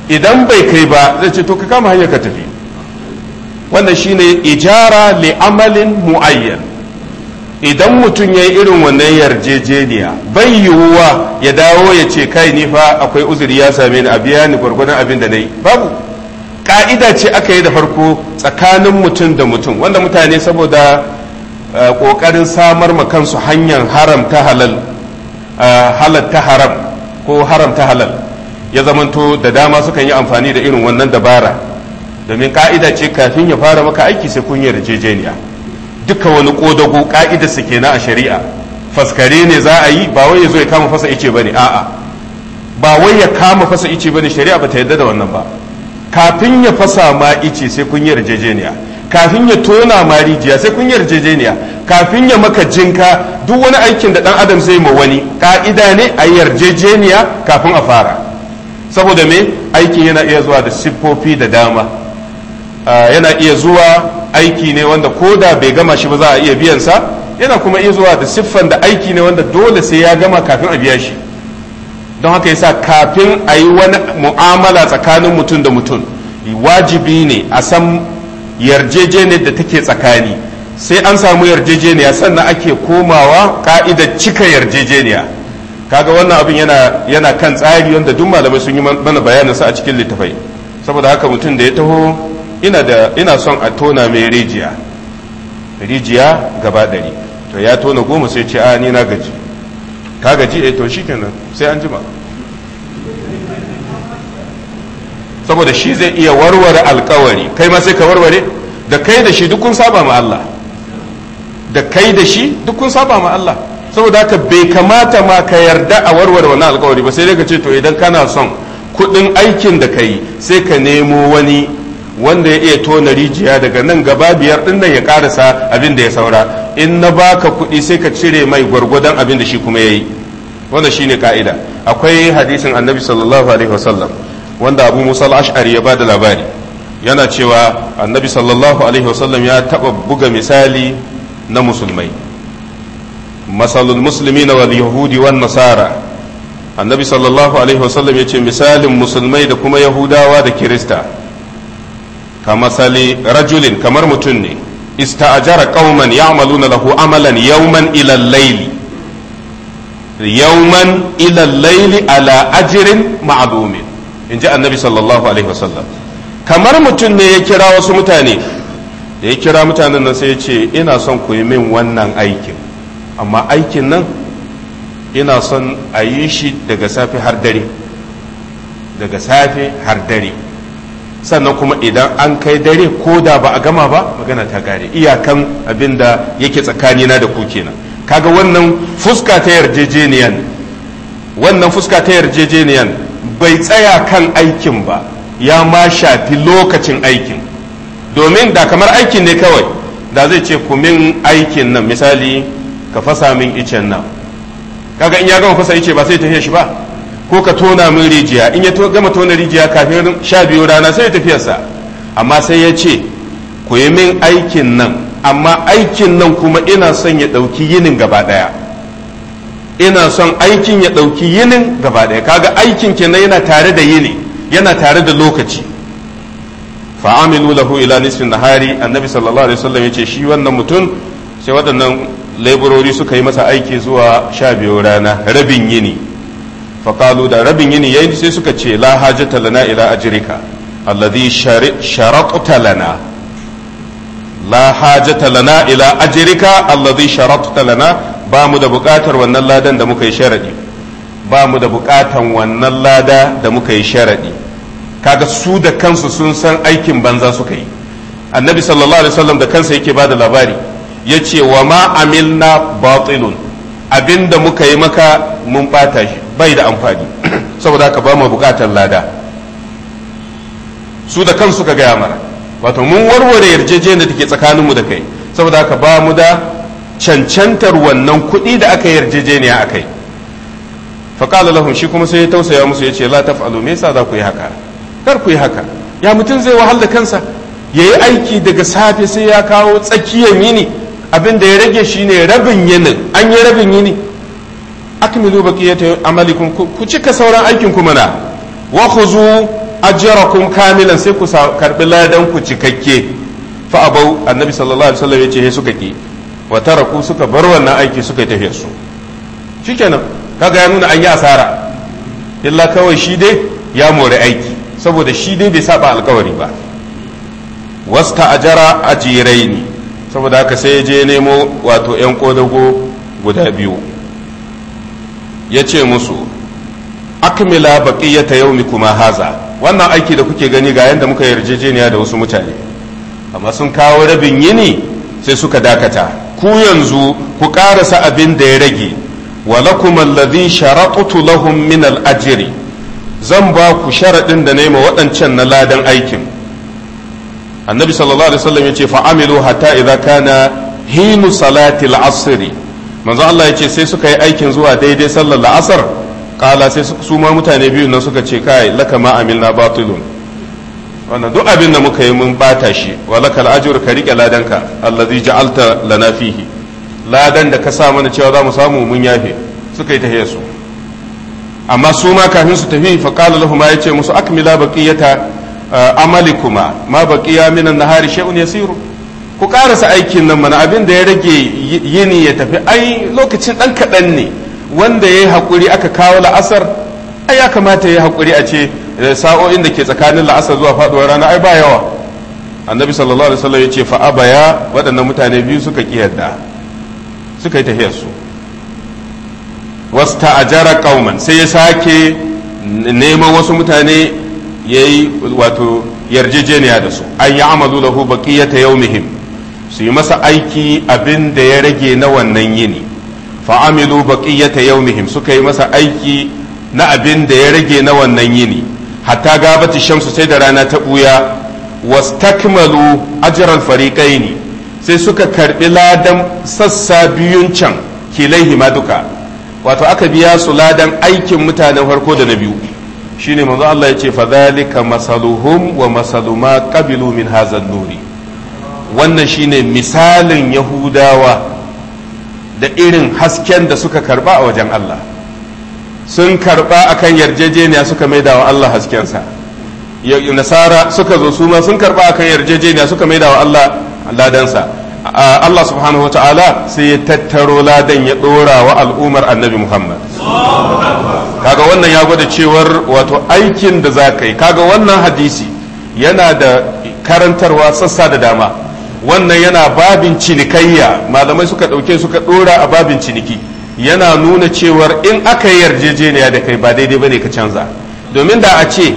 idan bai kai ba zai ce to ka kama hanyar ka tafi wannan shine ijara li amalin mu'ayyan idan mutum ya yi irin wannan yarjejeniya bai yiwuwa ya dawo ya ce kai ni fa akwai uzuri ya same ni a biya ni gwargwadon abin da na yi babu ƙa'ida ce aka yi da farko tsakanin mutum da mutum wanda mutane saboda eh, ƙoƙarin samar ma kansu hanyar haram ta halal eh, halal ta haram ko haram ta halal ya zamanto da dama sukan yi amfani da irin wannan dabara domin ka'ida ce kafin ya fara maka aiki sai kun yarjejeniya duka wani kodago ke na a shari'a faskare ne za a yi ba wai ya zo ya kama fasa ice bane a'a ba wai ya kama fasa ice bane shari'a ba ta yarda da wannan ba kafin ya fasa ma ice sai kun yarjejeniya kafin ya tona ma rijiya sai kun yarjejeniya kafin ya maka jinka duk wani aikin da dan adam zai ma wani ka'ida ne a yarjejeniya kafin a fara saboda me aikin yana iya zuwa da siffofi da dama yana iya zuwa aiki ne wanda ko da bai gama shi ba za a iya biyan sa yana kuma iya zuwa da siffan da aiki ne wanda dole sai ya gama kafin a biya shi don haka yasa kafin a yi wani mu'amala tsakanin mutum da mutum wajibi ne a san yarjejeniyar da take tsakani sai an samu yarjejeniya sannan ake komawa ka'ida cika yarjejeniya kaga wannan abin yana yana kan tsari wanda duk malamai sun yi mana bayanin sa a cikin littafai saboda haka mutum da ya taho ina da ina son a tona mai rijiya rijiya gaba ɗari to ya tona goma sai ce a ni na gaji ka gaji eh to kenan sai an jima saboda shi zai iya warware alkawari kai ma sai ka warware da kai da shi duk kun saba ma Allah da kai da shi duk kun saba ma Allah saboda haka bai kamata ma ka yarda a warware wannan alkawari ba sai dai ka ce to idan kana son kudin aikin da kai sai ka nemo wani wanda ya iya tona rijiya daga nan gaba biyar din nan ya karasa abin da ya saura in na baka kuɗi sai ka cire mai gwargwadon abin da shi kuma ya yi wanda shi ne ka'ida akwai hadisin annabi sallallahu alaihi wasallam wanda abu musa al-ash'ari ya bada labari yana cewa annabi sallallahu alaihi wasallam ya taba buga misali na musulmai masalul muslimina wal yahudi wan nasara annabi sallallahu alaihi wasallam ya ce misalin musulmai da kuma yahudawa da kirista kamasali rajulin kamar mutum ne ista'ajara qauman ya'maluna lahu amalan yawman ila yawman ila al-layli ala ajrin ma'dumin inji annabi sallallahu kamar mutum ne ya kira wasu mutane da ya kira mutanen nan sai ya ce ina son ku yi min wannan aikin amma aikin nan ina son a yi shi daga safe har dare daga safe har dare sannan kuma idan an kai dare ko da ba a gama ba magana ta gare iyakan abin da yake tsakanina da ku kenan kaga wannan fuska ta yarjejeniyan wannan fuska ta yarjejeniyan bai tsaya kan aikin ba ya ma shafi lokacin aikin domin da kamar aikin ne kawai da zai ce ku min aikin nan misali ka fasa min icen nan kaga in ya gama fasa ice ba sai ta shi ba ko ka tona min rijiya in ya gama tona rijiya kafin sha biyu rana sai ya tafiyarsa amma sai ya ce ku yi min aikin nan amma aikin nan kuma ina son ya ɗauki yinin gaba ɗaya ina son aikin ya ɗauki yinin gaba ɗaya kaga aikin kenan yana tare da yini yana tare da lokaci fa'amilu lahu ila nisfin nahari annabi sallallahu alaihi wasallam ya ce shi wannan mutum sai waɗannan laiburori suka yi masa aiki zuwa sha biyu rana rabin yini faƙalu da rabin yini yayi sai suka ce la hajata lana ila ajrika alladhi sharaqta la ila alladhi sharaqta ba mu da buƙatar wannan ladan da muka yi ba mu da wannan lada da muka yi sharaɗi kaga su da kansu sun san aikin banza suka yi annabi sallallahu alaihi wasallam da kansa yake bada labari yace wa ma amilna batilun abinda muka yi maka mun bata shi bai da amfani saboda haka ba mu bukatar lada su da kansu ka gaya mana wato mun warware yarjejeniyar da take tsakaninmu da kai saboda haka ba mu da cancantar wannan kuɗi da aka yarjejeniya a kai faƙala lahum shi kuma sai ya tausaya musu ya ce la taf'alu me yasa za ku yi haka kar ku yi haka ya mutum zai wahal da kansa ya yi aiki daga safe sai ya kawo tsakiyar yini abin da ya rage shi ne rabin yinin an yi rabin yini akmilu baqiyata amalikum ku cika sauran aikin ku mana wa khuzu ajrakum kamilan sai ku karbi ladan ku cikakke fa abau annabi sallallahu alaihi wasallam yace he suka ki wa taraku suka bar wannan aiki suka tafi su shikenan kaga ya nuna an yi asara illa kawai shi dai ya more aiki saboda shi dai bai saba alkawari ba wasta ajara ajiraini saboda haka sai je nemo wato yan kodago guda biyu ya ce musu akmila baqiyata yaumikuma haza wannan aiki da kuke gani ga yanda muka yarjejeniya da wasu mutane amma sun kawo rabin yini sai suka dakata ku yanzu ku karasa abin da ya rage walakum alladhi sharatutu lahum min al-ajri zan ba ku sharadin da nema waɗancan na ladan aikin annabi sallallahu alaihi wasallam ya ce fa'amilu hatta idza kana hinu salati al-asri manzo Allah ya ce sai suka yi aikin zuwa daidai sallar la'asar kala sai su ma mutane biyu nan suka ce kai laka ma amilna batilun wannan duk abin da muka yi mun bata shi wa lakal ajur ka rike ladanka allazi ja'alta lana fihi ladan da ka sa mana cewa za mu samu mun yafe suka yi tahiyar su amma su ma kafin su tafi fa qala lahum ya ce musu akmila baqiyata uh, amalikuma ma baqiya minan nahari shay'un yasiru ku karasa aikin nan mana abin da ya rage yini ya tafi ai lokacin ɗan kaɗan ne wanda ya yi haƙuri aka kawo la'asar ai ya kamata ya yi haƙuri a ce eh, sa'o'in da ke tsakanin la'asar zuwa faɗuwar rana ai ba yawa annabi sallallahu alaihi wasallam ya ce abaya waɗannan mutane biyu suka ƙi suka yi tafiyar su wasta ajara kauman sai ya sake neman wasu mutane ya yi wato yarjejeniya da su an yi amalu lahu baqiyata yawmihim su yi masa aiki abin da ya rage na wannan yini fa'amilu baqiyata yawmihim suka yi masa aiki na abin da ya rage na wannan yini hatta gabati shamsu sai da rana ta buya wastakmalu ajral ne sai suka karɓi ladan sassa biyun can kilaihi duka wato aka biya su ladan aikin mutanen farko da na biyu shine manzo Allah ya ce zalika masaluhum wa masaluma ma qabilu min hazan nuri wannan shine misalin yahudawa da irin hasken da suka karba a wajen Allah sun karba akan yarjejeniya suka maida wa Allah haskensa nasara suka zo su ma sun karba akan yarjejeniya suka maida wa Allah ladansa Allah subhanahu wa ta'ala sai ya tattaro ladan ya dora wa al'umar annabi Muhammad kaga wannan ya gwada cewar wato aikin da za ka yi kaga wannan hadisi yana da karantarwa sassa da dama wannan yana babin cinikayya malamai suka ɗauke suka ɗora a babin ciniki yana nuna cewar in aka yi yarjejeniya da kai ba daidai bane ka canza domin da a ce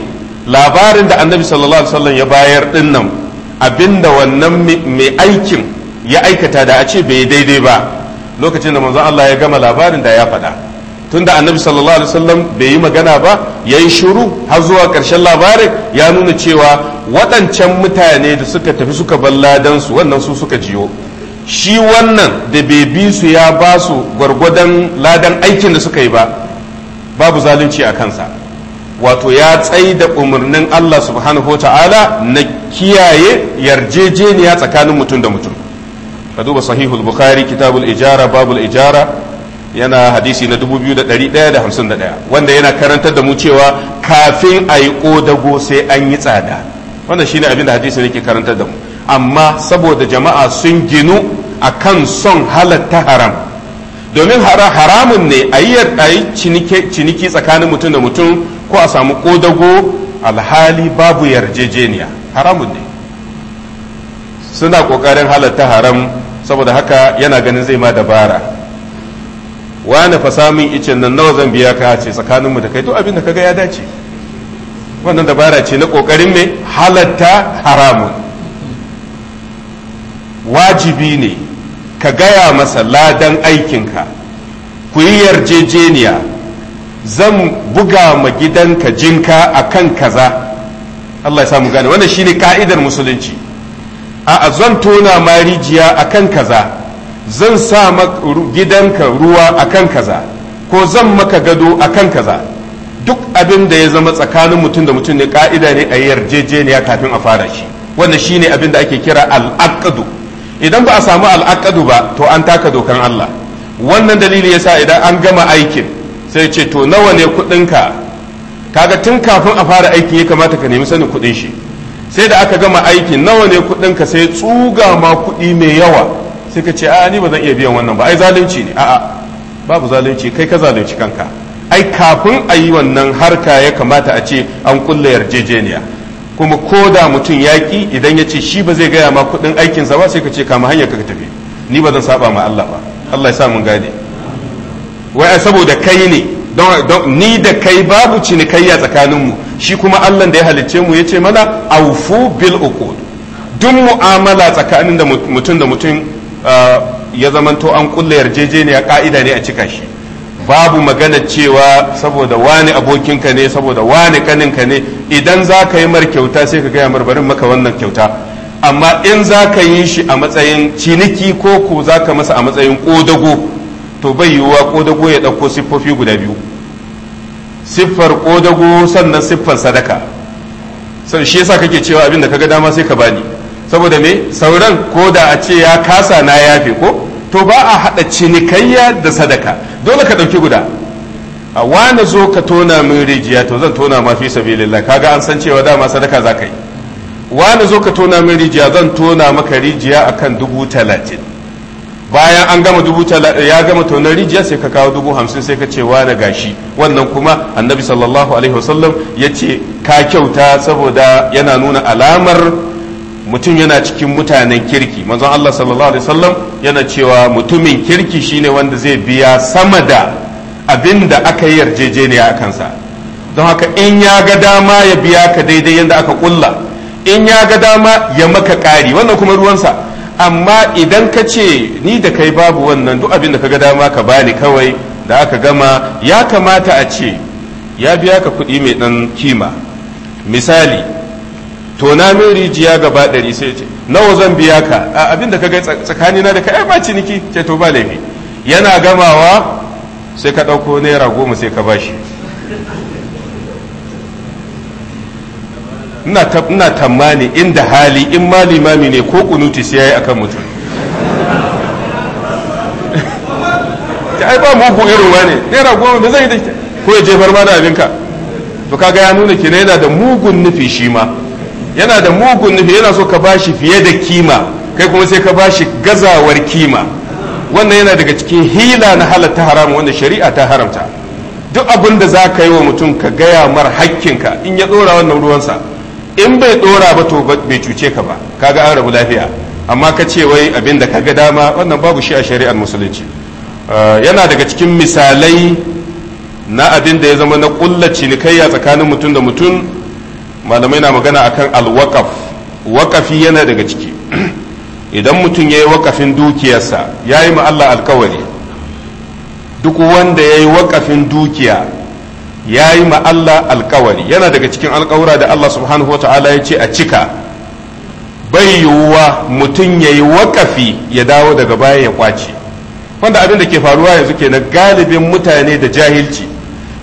labarin da annabi sallallahu alaihi wasallam ya bayar din abinda wannan mai aikin ya aikata da a ce bai daidai ba lokacin da manzon Allah ya gama labarin da ya faɗa tunda annabi sallallahu alaihi wasallam bai yi magana ba yayi shiru har zuwa ƙarshen labarin ya nuna cewa waɗancan mutane da suka tafi suka balladan su wannan su suka jiyo shi wannan da bai bi su ya ba su gwargwadon ladan aikin da suka yi ba babu zalunci a kansa wato ya tsai da umarnin Allah subhanahu ta'ala na kiyaye yarjejeniya tsakanin mutum da mutum ka duba sahihul bukhari kitabul ijara babul ijara yana hadisi na 2151 wanda yana karantar da mu cewa kafin a yi ƙodago sai an yi tsada wanda shine abin da hadisi yake karantar da mu amma saboda jama'a sun ginu a kan son halatta haram domin haramun ne a yi ciniki tsakanin mutum da mutum ko a samu ƙodago alhali babu yarjejeniya haramun ne suna ƙoƙarin halatta haram saboda haka yana ganin zai ma dabara wani fa samun icen nan nawa zan biya ka ce tsakaninmu da kai to abin da kaga ya dace wannan dabara ce na kokarin mai halatta haramun wajibi ne ka gaya masa ladan aikinka ku yi yarjejeniya zan buga ma gidan ka jinka a kan kaza Allah ya samu gane wannan shine ka'idar musulunci a zan tona marijiya akan a kan kaza zan sa gidanka ruwa a kan kaza ko zan maka gado a kan kaza duk abin da ya zama tsakanin mutum da mutum ne ka'ida ne a yarjejeniya kafin a fara shi wannan ne abin da ake kira al'aqdu idan ba a samu al'aqdu ba to an taka dokan Allah wannan dalili sa idan an gama aikin sai ce to nawa ne kudinka kaga tun kafin a fara aikin ya kamata ka nemi sanin kuɗin shi sai da aka gama aikin nawa ne kudinka sai tsuga ma kudi mai yawa sai ka ce a ni ba zan iya biyan wannan ba ai zalunci ne a'a babu zalunci kai ka zalunci kanka ai kafin a yi wannan harka ya kamata a ce an kulle yarjejeniya kuma ko da mutum ki idan ya ce shi ba zai gaya ma kuɗin aikinsa ba sai ka ce kama hanyar ka tafi ni ba zan saba ma Allah ba Allah ya sa mun gane wai saboda kai ne don ni da kai babu cinikayya tsakaninmu shi kuma Allah da ya halicce mu ya ce mana aufu bil uqud duk mu'amala tsakanin da mutum da mutum ya zamanto an kulle yarjejeniya ka'ida ne a cika shi babu magana cewa saboda wani abokinka ne saboda wani kaninka ne idan za ka yi mar kyauta sai ka gaya marbarin maka wannan kyauta amma in za ka yi shi a matsayin ciniki ko ko za ka masa a matsayin kodago to bai yiwuwa kodago ya ɗauko siffofi guda biyu siffar kodago sannan siffar sadaka sannan shi yasa kake cewa abin da ka ga dama sai ka bani saboda me sauran ko da a ce ya kasa na yafe ko to ba a haɗa cinikayya da sadaka dole ka ɗauki guda a wani zo ka tona min rijiya to zan tona ma fi sabilillah kaga an san cewa dama sadaka za ka yi wani zo ka tona min rijiya zan tona maka rijiya akan dubu talatin bayan an gama dubu ya gama tonar rijiya sai ka kawo dubu hamsin sai ka ce wani gashi wannan kuma annabi sallallahu alaihi wasallam ya ce ka kyauta saboda yana nuna alamar mutum yana cikin mutanen kirki manzon Allah sallallahu alaihi wasallam yana cewa mutumin kirki shine wanda zai biya sama da abin da aka yi yarjejeniya a kansa don haka in ya ga dama ya biya ka daidai yadda aka kulla in ya ga dama ya maka ƙari wannan kuma ruwansa amma idan ka ce ni da kai babu wannan duk abin da ka ga dama ka bani kawai da aka gama ya kamata a ce ya biya ka kuɗi mai ɗan kima misali to na min rijiya gaba ɗari sai ce nawa zan biya ka abin da ka ga tsakanina da ka ba ciniki ce to ba laifi yana gamawa sai ka ɗauko naira goma sai ka bashi ina tamani inda hali in ma limami ne ko kunuti sai yi akan mutum ta ai ba mugu irin wane naira goma da zai yi da ko ya jefar ma da abinka to kaga ya nuna kina yana da mugun nufi shi ma yana da mugun nufi yana so ka shi fiye da kima kai kuma sai ka ba shi gazawar kima wannan yana daga cikin hila na halatta haramun wanda shari'a ta haramta duk abin da za ka yi wa mutum ka gaya mar hakkinka in ya ɗora wannan ruwansa in bai ɗora ba to bai cuce ka ba kaga an rabu lafiya amma ka ce wai abin da ga dama wannan babu shi a shari'ar musulunci uh, yana daga cikin misalai na abin da ya zama na ƙulla cinikayya tsakanin mutum da mutum malamai na magana akan alwakaf wakafi yana daga ciki idan mutum ya yi wakafin dukiyarsa ya yi Allah alkawari duk wanda ya yi wakafin dukiya ya yi Allah alkawari yana daga cikin alkawura da Allah subhanahu wa ta'ala ya ce a cika bai yiwuwa mutum ya yi wakafi ya dawo daga baya ya kwace wanda abin da ke faruwa yanzu kenan galibin mutane da jahilci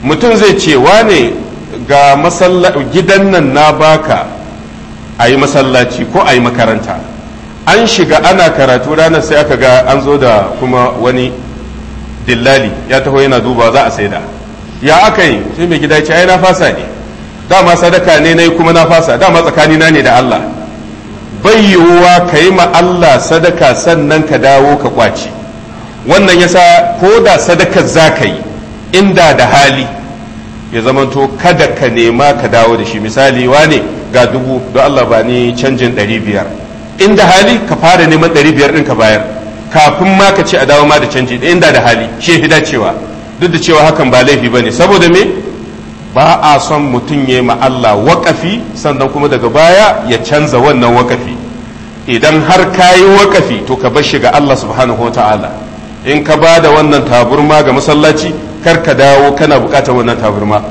mutum zai ce ne. ga gidan nan na baka a yi masallaci ko a yi makaranta an shiga ana karatu ranar sai aka ga an zo da kuma wani dillali ya taho yana duba za a saida ya aka yi sai mai gida ce ai na fasa ne dama sadaka ne na yi kuma na fasa dama tsakanina ne da Allah bai yiwuwa ka yi ma Allah sadaka sannan ka dawo ka kwaci wannan yasa ko da sadakar za ka yi inda da hali ya zamanto kada ka nema ka dawo da shi misali wane ga dubu don Allah ba ni canjin ɗari biyar inda hali ka fara neman ɗari biyar ɗin ka bayar kafin ma ka ce a dawo ma da canji inda da hali shi fi dacewa duk da cewa hakan ba laifi ba ne saboda me ba a son mutum ya ma Allah waƙafi sannan kuma daga baya ya canza wannan waƙafi idan har ka yi waƙafi to ka bar shi ga Allah subhanahu wa ta'ala in ka ba da wannan taburma ga masallaci kar ka dawo kana bukatar wannan tabarma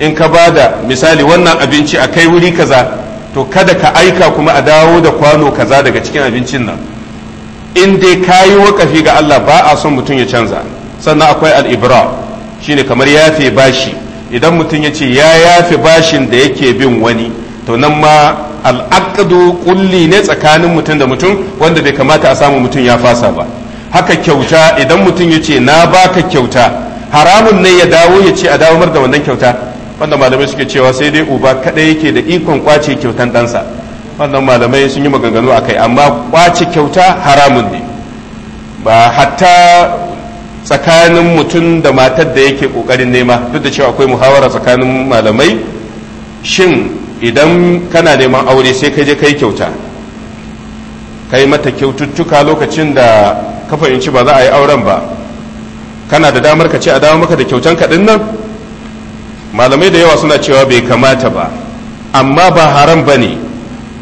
in ka ba da misali wannan abinci a kai wuri kaza to kada ka aika kuma a dawo da kwano kaza daga cikin abincin nan in dai ka yi wakafi ga Allah ba a son mutum ya canza sannan akwai al'ibra shine kamar yafe bashi idan mutum ya ce ya yafe bashin da yake bin wani to nan ma al’akadu kulli ne tsakanin mutum da mutum wanda bai kamata a samu mutum ya fasa ba haka kyauta idan mutum ya ce na baka kyauta haramun ne ya dawo ya ce a dawo da wannan kyauta wanda malamai suke cewa sai dai uba kadai yake da ikon kwace kyautan ɗansa wannan malamai sun yi maganganu a kai amma kwace kyauta haramun ne ba hatta tsakanin mutum da matar da yake kokarin nema duk da cewa akwai muhawara tsakanin malamai shin idan kana neman aure sai kai je kai kyauta kai mata kyaututtuka lokacin da ka fahimci ba za a yi auren ba kana da damar ka ce a dawo maka da kyautan ka nan malamai da yawa suna cewa bai kamata ba amma ba haram ba ne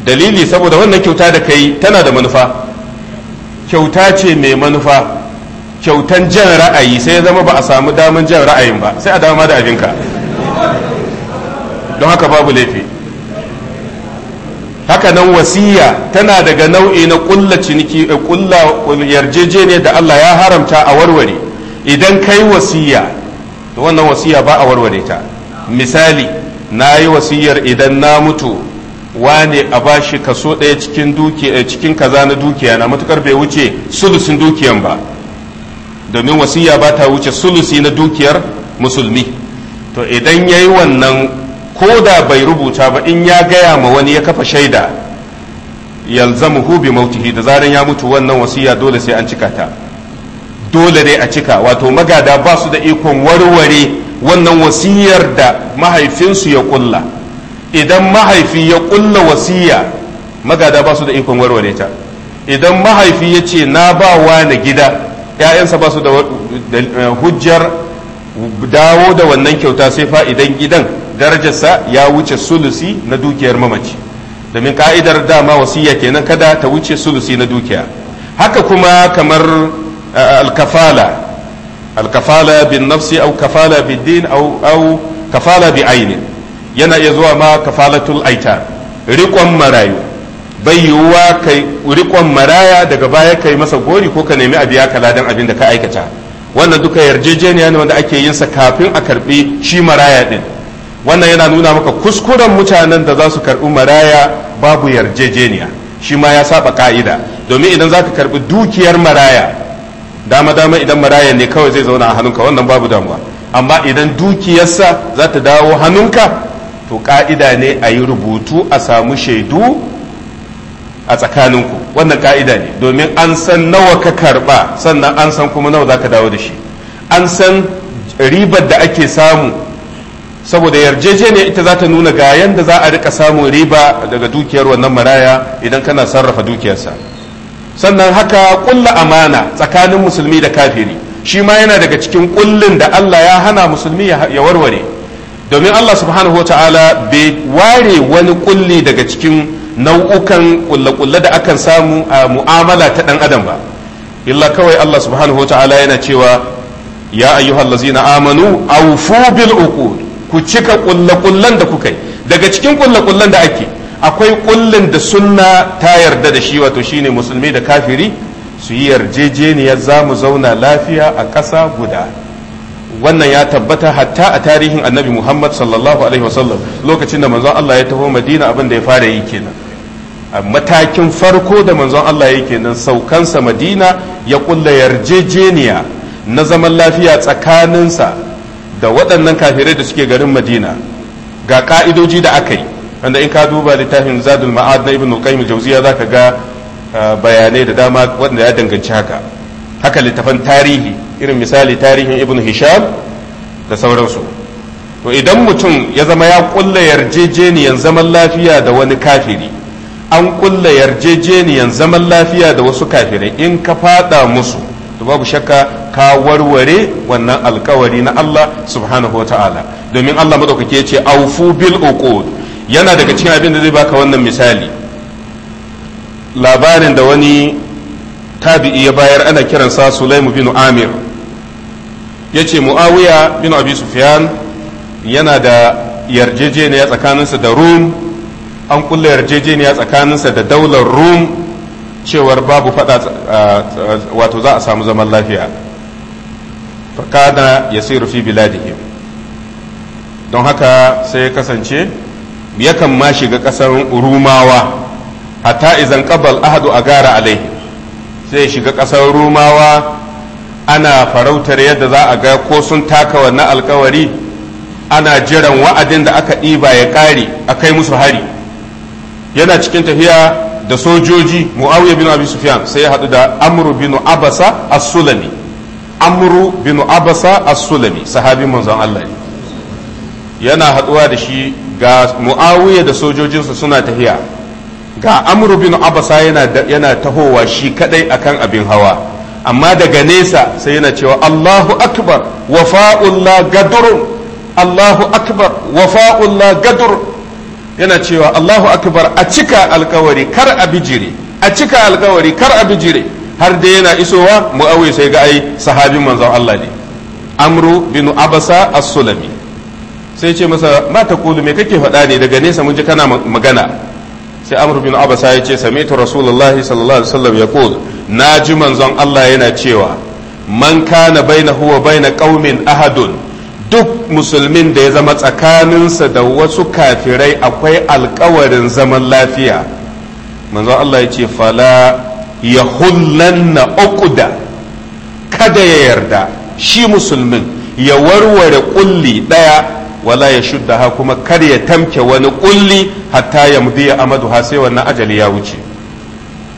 dalili saboda wannan kyauta da kai tana da manufa kyauta ce mai manufa kyautan jan ra'ayi sai ya zama ba a samu daman jan ra'ayin ba sai a dama da abinka don haka babu laifi haka nan wasiya tana daga nau'i na kulla ciniki eh, da Allah ya haramta a warware idan kai wasiya to wannan wasiya ba a warware ta misali na yi wasiyar idan na mutu wane a ba shi kaso ɗaya cikin eh, cikin kaza na dukiya na matukar bai wuce sulusin dukiyan ba domin wasiya ba ta wuce sulusi na dukiyar musulmi to idan ya yi wannan ko da bai rubuta ba in ya gaya ma wani ya kafa shaida yalzamuhu bi mautihi da zaran ya mutu wannan wasiya dole sai an cika ta dole ne a cika wato magada ba su da ikon warware wannan wasiyar da mahaifinsu ya kulla idan mahaifi ya kulla wasiya magada ba su da ikon warware ta idan mahaifi ya ce na ba wa na gida 'ya'yansa ba su da eh, hujjar dawo da wannan kyauta sai fa idan gidan darajarsa ya wuce sulusi na dukiyar mamaci domin ka'idar dama wasiya kenan kada ta wuce sulusi na dukiya haka kuma kamar alkafala alkafala bin nafsi au kafala bin din yana iya zuwa ma kafalatul aita riƙon marayu bai yiwuwa kai riƙon maraya daga baya kai masa gori ko ka nemi a biya ka ladan abin da ka aikata wannan duka yarjejeniya ne wanda ake yin sa kafin a karbi shi maraya din wannan yana nuna maka kuskuren mutanen da za su karbi maraya babu yarjejeniya shi ma ya saba ƙa'ida domin idan za ka karbi dukiyar maraya dama dama idan maraya ne kawai zai zauna a hannunka wannan babu damuwa amma idan dukiyarsa za ta dawo hannunka to ka'ida ne a yi rubutu a samu shaidu a tsakaninku wannan ka'ida ne domin an san nawa ka karba sannan an san kuma nawa za ka dawo da shi an san ribar da ake samu saboda yarjejeniya ita za ta nuna ga yadda za a rika samun riba daga dukiyar wannan maraya idan kana sarrafa dukiyarsa sannan haka kulla amana tsakanin musulmi da kafiri shi ma yana daga cikin kullin da Allah ya hana musulmi ya warware domin Allah subhanahu wata'ala bai ware wani kulli daga cikin nau'ukan kulle-kulle da akan samu a mu'amala ta dan adam ba illa kawai Allah subhanahu wata'ala yana cewa ya ayyuhallazina amanu awfu bil uqud ku cika kulle-kullen da kuka yi daga cikin kulle-kullen da ake akwai kullin da sunna ta yarda da shi wato shine musulmi da kafiri su yi yarjejeniyar za mu zauna lafiya a ƙasa guda wannan ya tabbata hatta a tarihin annabi muhammad sallallahu alaihi wasallam lokacin da manzon allah ya taho madina abin da ya fara yi kenan a matakin farko da manzon allah ya kenan saukansa madina ya kulla yarjejeniya na zaman lafiya tsakaninsa da waɗannan kafirai da suke garin madina ga ƙa'idoji da aka yi wanda in ka duba littafin zadul ma'ad na ibn al-qayyim al-jawziya zaka ga uh, bayanai da dama wanda ya danganci haka haka littafan tarihi irin misali tarihin ibn hisham da sauransu to idan mutum ya zama ya kulla yarjejeniyan zaman lafiya da wani kafiri an kulla yarjejeniyan zaman lafiya da wasu kafirai in ka fada musu to babu shakka ka warware wannan alkawari na Allah subhanahu wa ta'ala domin Allah madaukake ya ce aufu bil uqud yana daga cikin abin da zai baka wannan misali labarin da wani tabi'i ya bayar ana kiransa sulaimu bin amir ya ce mu'awiya bin abi sufyan yana da yarjejeniya tsakaninsa da rum an kulle yarjejeniya tsakaninsa da daular rum cewar babu fada wato za a samu zaman lafiya fakada ya sai rufi biladihim don haka sai ya kasance yakan ma shiga ƙasar rumawa hatta izan qabal ahadu a gara alai sai shiga ƙasar rumawa ana farautar yadda za a ga ko sun taka wannan alkawari ana jiran wa'adin da aka ɗiba ya ƙare a kai musu hari yana cikin tafiya da sojoji muawiya bin abi sufyan sai ya haɗu da amru bin abasa as-sulami amru bin abasa as-sulami sahabin manzon Allah yana haɗuwa da shi ga mu'awiya da sojojinsa suna tafiya ga amru bin abasa yana tahowa shi kadai akan abin hawa amma daga nesa sai yana cewa allahu akbar wafa'ullah gadurun allahu akbar wafa'ullah gadur yana cewa allahu akbar a cika alkawari kar a bijire a cika alkawari kar a bijire har dai yana isowa mu'awiya sai ga ai sahabin manzon allah ne amru bin abasa as-sulami sai ce masa ma ta kulu me kake faɗa ne daga nesa mun ji kana magana sai amr bin abasa ya ce sami'tu rasulullahi sallallahu alaihi wasallam yaqul na ji manzon Allah yana cewa man kana baina huwa baina qaumin ahadun duk musulmin da ya zama tsakaninsa da wasu kafirai akwai alkawarin zaman lafiya manzon Allah ya ce fala ya hullanna uquda kada ya yarda shi musulmin ya warware kulli daya wala ya shudda ha kuma kar ya tamke wani kulli hatta ya mudiya amadu ha sai wannan ajali ya wuce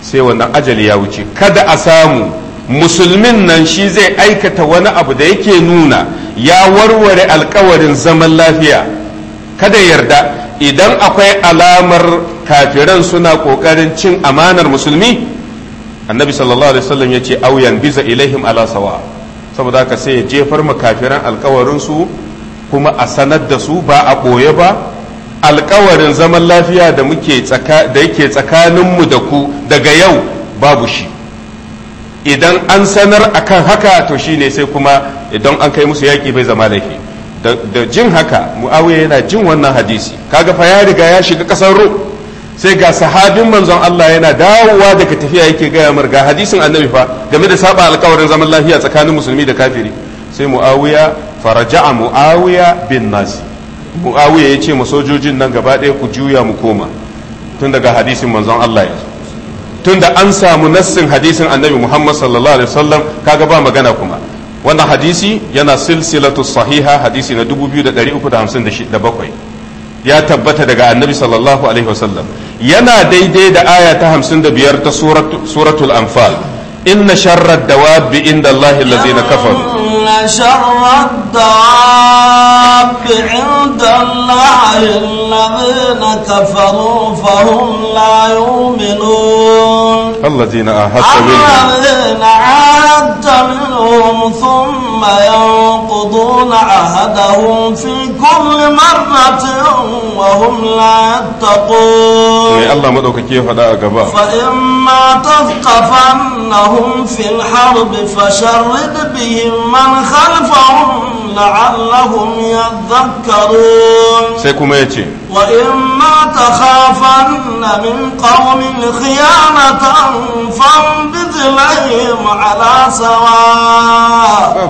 sai wannan ajali ya wuce kada a samu musulmin nan shi zai aikata wani abu da yake nuna ya warware alkawarin zaman lafiya kada yarda idan akwai alamar kafiran suna kokarin cin amanar musulmi annabi sallallahu alaihi wasallam ya ce auyan biza ilaihim ala sawa saboda haka sai ya jefar mu kafiran alkawarin su kuma a sanar da su ba a ɓoye ba alkawarin zaman lafiya da muke da yake tsakaninmu da ku daga yau babu shi idan an sanar akan haka to shi ne sai kuma idan an kai musu yaƙi bai zama laifi da jin haka muawiya yana jin wannan hadisi kaga fa ya riga ya shiga ƙasar ro sai ga sahabin manzon Allah yana dawowa daga tafiya yake gaya mar ga hadisin annabi fa game da saba alkawarin zaman lafiya tsakanin musulmi da kafiri sai muawiya faraja'a mu'awiya bin nasi mu'awiya ya ce ma sojojin nan gaba ɗaya ku juya mu koma tun daga hadisin manzon Allah ya tun da an samu nassin hadisin annabi Muhammad sallallahu alaihi wasallam kaga ba magana kuma wannan hadisi yana silsilatu sahiha hadisi na 2357 ya tabbata daga annabi sallallahu alaihi wasallam yana daidai da aya ta 55 ta suratul anfal إن شر الدواب عند الله الذين كفروا إن شر الدواب عند الله الذين كفروا فهم لا يؤمنون الذين عاهدت منهم الذين عاهدت منهم ثم ينقضون عهدهم في كل مرة وهم لا يتقون الله كيف هذا أقبا فإما تثقفنهم في الحرب فشرد بهم من خلفهم لعلهم يذكرون سيكما يتي وإما تخافن من قوم خيانة فانبت لهم على سواء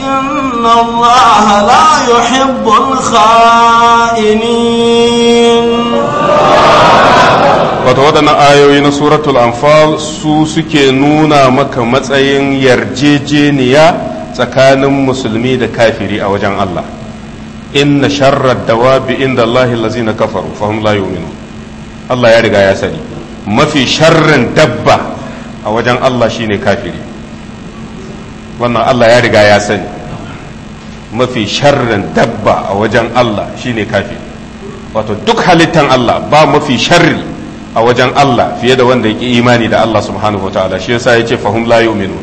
إن الله لا يحب الخائنين wato waɗannan ayoyi na suratul anfal su suke nuna maka matsayin yarjejeniya tsakanin musulmi da kafiri a wajen Allah inna sharrad dawabi inda Allah lazina kafaru fahim la yu'minu Allah ya riga ya sani mafi sharrin dabba a wajen Allah shine kafiri wannan Allah ya riga ya sani mafi sharrin dabba a wajen Allah shine kafiri wato duk halittan Allah ba mafi sharri a wajen Allah fiye da wanda yake imani da Allah subhanahu wa ta'ala shi yasa yace fahum la yu'minun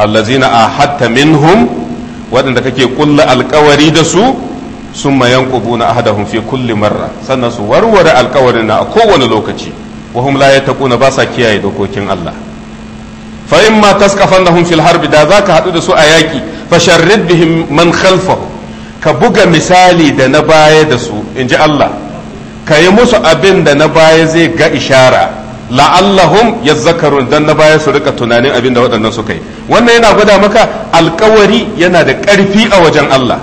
allazina ahatta minhum waɗanda kake kulla alkawari da su summa yanqubuna ahadahum fi kulli marra sannan su warware alkawarin na a kowane lokaci wa hum la yattaquna ba sa kiyaye dokokin Allah fa in ma taskafannahum fil harbi da zaka da su a yaki fasharrid bihim man khalfahu ka buga misali da na baya da su inji Allah ka yi musu abin da na baya zai ga ishara la'allahum yazzakarun dan na baya su rika tunanin abin da waɗannan suka yi wannan yana gwada maka alkawari yana da ƙarfi a wajen Allah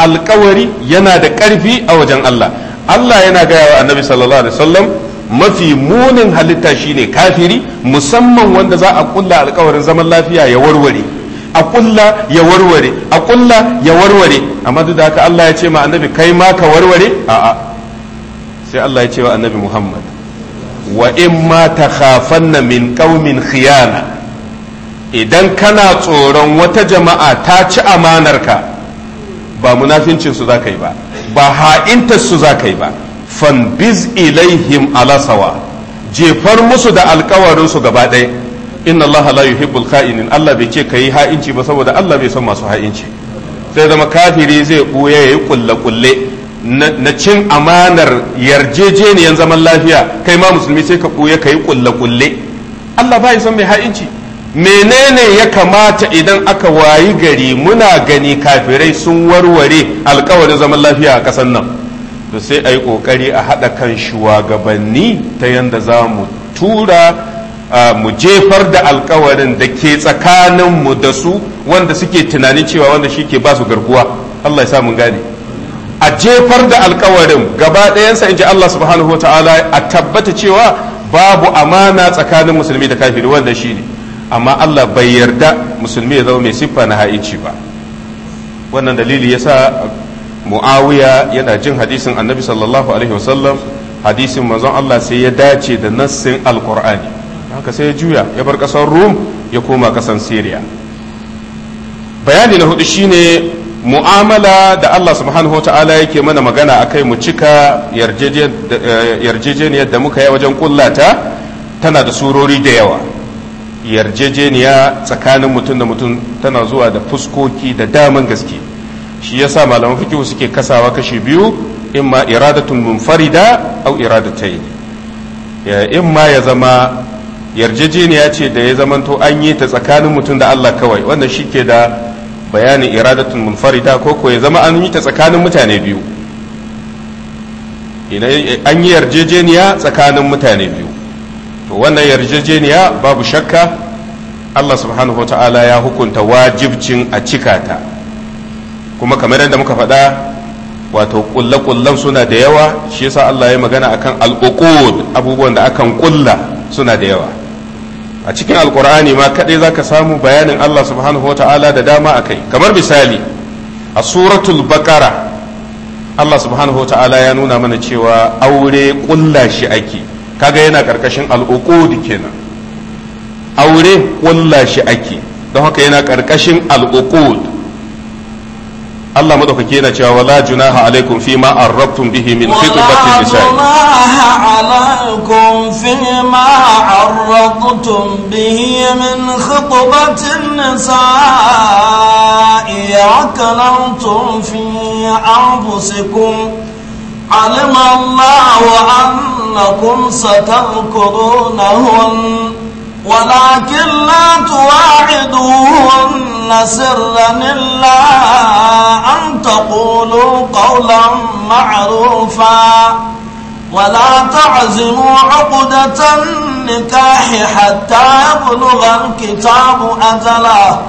alkawari yana da ƙarfi a wajen Allah Allah yana gaya wa annabi sallallahu alaihi wasallam mafi munin halitta shine kafiri musamman wanda za a kulla alkawarin zaman lafiya ya warware a kulla ya warware a kulla ya warware amma duk da haka Allah ya ce ma annabi kai ma ka warware a'a sai Allah ya ce wa annabi Muhammad wa in ma takhafanna min qaumin khiyana idan kana tsoron wata jama'a ta ci amanarka ba munafincin su za ka yi ba ba ha'intar su za ka yi ba fan fanbiz ilaihim ala sawa jefar musu da alkawarin su gaba ɗaya inna Allah la yuhibbul kha'inin Allah bai ce kai ha'inci ba saboda Allah bai son masu ha'inci sai zama kafiri zai buya yayi kulle kulle na cin amanar yarjejeniyan zaman lafiya kai ma musulmi sai ka buya kai kulle kulle Allah bai son mai ha'inci menene ya kamata idan aka wayi gari muna gani kafirai sun warware alkawarin zaman lafiya a ƙasar nan da sai a yi ƙoƙari a haɗa kan shugabanni ta yadda za mu tura mu jefar da alkawarin da ke tsakaninmu da su wanda suke tunanin cewa wanda shi ke ba su garkuwa Allah ya sa mun a jefar da alkawarin gaba ɗayansa in ji Allah subhanahu wa ta'ala a tabbata cewa babu amana tsakanin musulmi da kafiri wanda shi ne amma Allah bai yarda musulmi ya zama mai siffa na haici ba wannan dalili yasa muawiya yana jin hadisin annabi sallallahu alaihi wasallam hadisin manzon Allah sai ya dace da nassin alqur'ani haka sai ya juya ya bar kasar rum ya koma kasar syria bayani na hudu shine mu'amala da Allah subhanahu wa ta'ala yake mana magana akai mu cika yarjejeniyar da muka yi wajen kullata tana da surori da yawa yarjejeniya tsakanin mutum da mutum tana zuwa da fuskoki da daman gaske shi ya sa malaman fikihu suke kasawa kashe biyu in ma iradatun munfarida au iradatai ma ya zama yarjejeniya ce da ya zamanto an yi ta tsakanin mutum da Allah kawai wannan shi ke da bayanin iradatun munfarida ko ko ya zama an yi ta tsakanin mutane biyu an yi yarjejeniya tsakanin mutane biyu to wannan yarjejeniya babu shakka Allah subhanahu wa ta'ala ya hukunta wajibcin a cika ta kuma kamar yadda muka faɗa wato kulle-kullen suna da yawa shi yasa Allah ya magana akan al'uqud abubuwan da akan kulla suna da yawa a cikin alkur'ani ma kadai zaka samu bayanin Allah subhanahu wata'ala da dama akai kamar misali a suratul baqara Allah subhanahu wata'ala ya nuna mana cewa aure kulla shi ake kaga yana karkashin al'uqud kenan aure kulla shi ake don haka yana karkashin al'uqud الله مدوك كينا ولا جناح عليكم فيما عرضتم به من خطبة النساء ولا جناح عليكم فيما عرضتم به من خطبة النساء أكلتم في أنفسكم علم الله أنكم ستذكرونهن ولكن لا تواعدوهن سرا إلا أن تقولوا قولا معروفا ولا تعزموا عقدة النكاح حتى يبلغ الكتاب أجله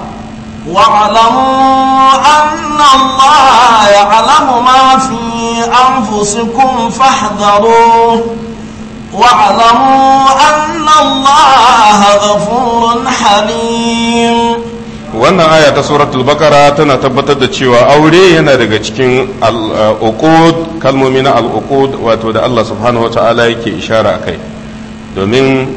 واعلموا أن الله يعلم ما في أنفسكم فاحذروه واعلموا أن الله غفور حليم wannan aya ta suratul bakara tana tabbatar da cewa aure yana daga cikin al'uqud kalmomi na al'uqud wato da Allah subhanahu wata'ala yake ishara kai domin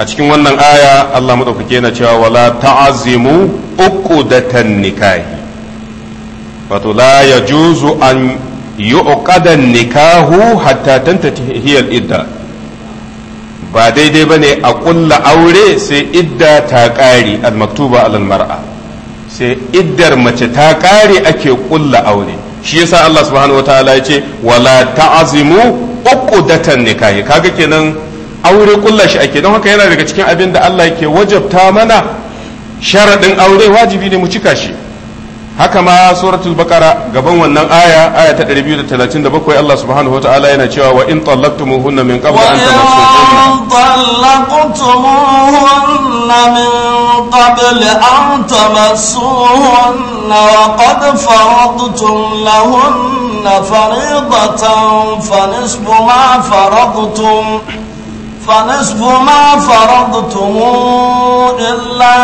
a cikin wannan aya Allah madaukake yana cewa wala ta'azimu uqudatan nikahi wato la yajuzu an yuqadan nikahu hatta tantatihi hiyal idda ba daidai ba ne a ƙulla aure sai idda ta ƙari almaktuba alal mar'a sai iddar mace ta ƙari ake ƙulla aure shi yasa Allah subhanahu wa ta'ala ya ce wala ta'azimu uqdatan nikahi kaga kenan aure ƙulla shi ake don haka yana daga cikin abin da Allah yake wajabta mana sharaɗin aure wajibi ne mu cika shi haka ma suratul bakara gaban wannan aya aya ta 237 Allah subhanahu ta'ala yana cewa wa in tallaqtumuhunna min qabl an tamassuhunna tallaqtumuhunna min qabl an tamassuhunna wa qad faradtum lahunna fariidatan fa nisfu ma faradtum فنصف ما فرضتم إلا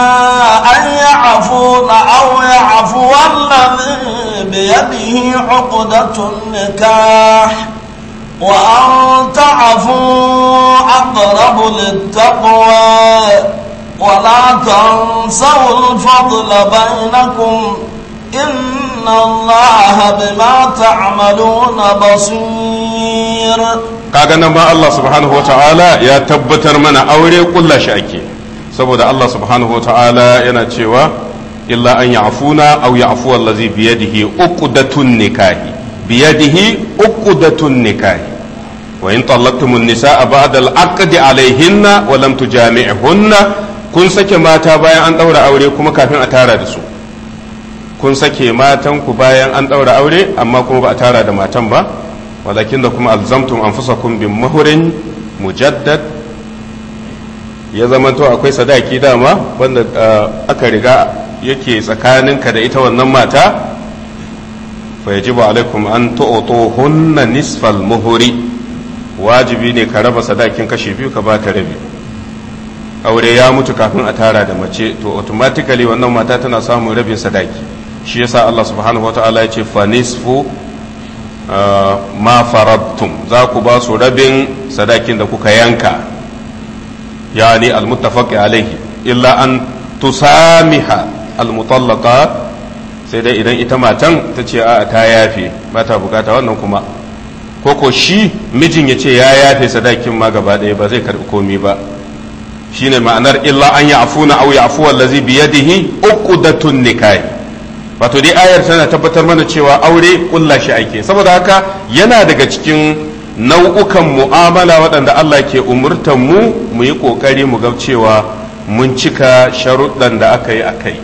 أن يعفون أو يعفو الذي بيده عقدة النكاح وأن تعفوا أقرب للتقوى ولا تنسوا الفضل بينكم إن الله بما تعملون بصير kaga nan ba Allah subhanahu wata'ala ya tabbatar mana aure kulla shi ake saboda Allah subhanahu wata'ala yana cewa illa an ya'funa aw ya'fu allazi biyadihi tun nikahi biyadihi tun nikahi wa in tallaqtumun nisaa ba'da al-aqdi alayhinna wa lam tujami'hunna kun sake mata bayan an daura aure kuma kafin a tara da su kun sake matan ku bayan an daura aure amma kuma ba a tara da matan ba walakin da kuma alzamtum anfusakum bi muhurin mujaddad ya zamanto akwai sadaki dama wanda eh, aka riga yake ka da ita wannan mata fa yajibu alaikum an tu'tuhunna nisfal muhuri wajibi ne ka raba sadakin kashe biyu ka ba ta rabi aure ya mutu kafin a tara da mace to otomatikali wannan mata tana samun rabin sadaki shi yasa Allah subhanahu wataala ya ce fa ma farabtum za ku ba su rabin sadakin da kuka yanka yani almuttafaqi alaihi illa an tusamiha almutallaqa sai dai idan ita matan ta ce a ta yafe ba ta bukata wannan kuma koko shi mijin ya ce ya yafe sadakin ma gaba ɗaya ba zai karɓi komi ba shine ma'anar illa an ya afuna au ya afuwa lazi biyadihi uqdatun nikahi wato dai ayar tana tabbatar mana cewa aure kulla shi ake saboda haka yana daga cikin nau'ukan mu'amala waɗanda Allah ke umurtan mu mu yi ƙoƙari mu ga cewa mun cika sharuɗan da aka yi a kai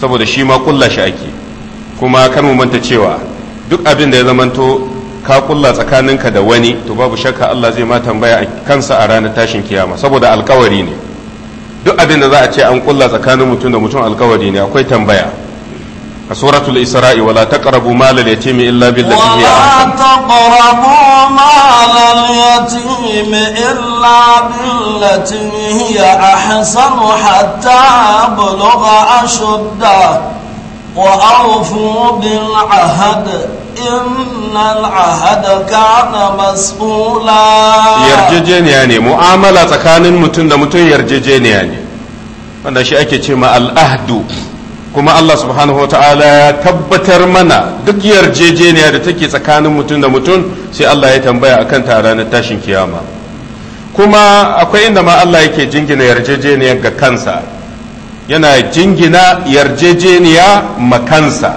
saboda shi ma kulla shi ake kuma kan mu manta cewa duk abin da ya zamanto ka kulla tsakaninka da wani to babu shakka Allah zai ma tambaya a kansa a ranar tashin kiyama saboda alkawari ne duk abin da za a ce an kulla tsakanin mutum da mutum alkawari ne akwai tambaya a suratul isra'i wala taqrabu malal yatimi illa billati hiya wala taqrabu malal yatimi illa billati hiya ahsan hatta bulugha ashudda wa awfu bil ahd innal ahada kana mas'ula yarjejeniya ne mu'amala tsakanin mutum da mutum yarjejeniya ne wanda shi ake ce ma ahdu kuma Allah subhanahu wa ta'ala ya tabbatar mana duk yarjejeniya da take tsakanin mutum da mutum sai Allah ya tambaya akan ta ranar tashin kiyama kuma akwai inda ma Allah yake jingina yarjejeniya ga kansa yana jingina yarjejeniya makansa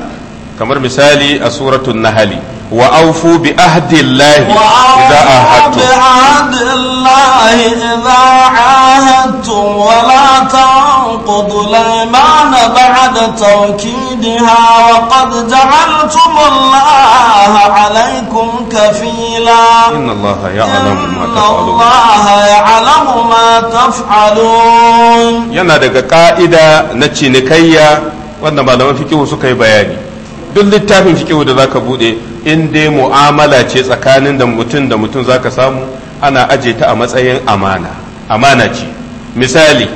kamar misali a suratun nahali wa aufu bi ahdillahi idza ahadtu ahdillahi idza ahadtu wa la tanqudu al-aymana ba'da tawkidiha wa qad ja'altum allaha alaykum kafila inna allaha ya'lamu ma taf'alun allaha ya'lamu ma taf'alun yana daga ka'ida na cinikayya wanda malaman fikihu suka yi bayani duk littafin fikihu da zaka bude in dai mu'amala ce tsakanin da mutum da mutum zaka samu ana aje ta a matsayin amana amana ce misali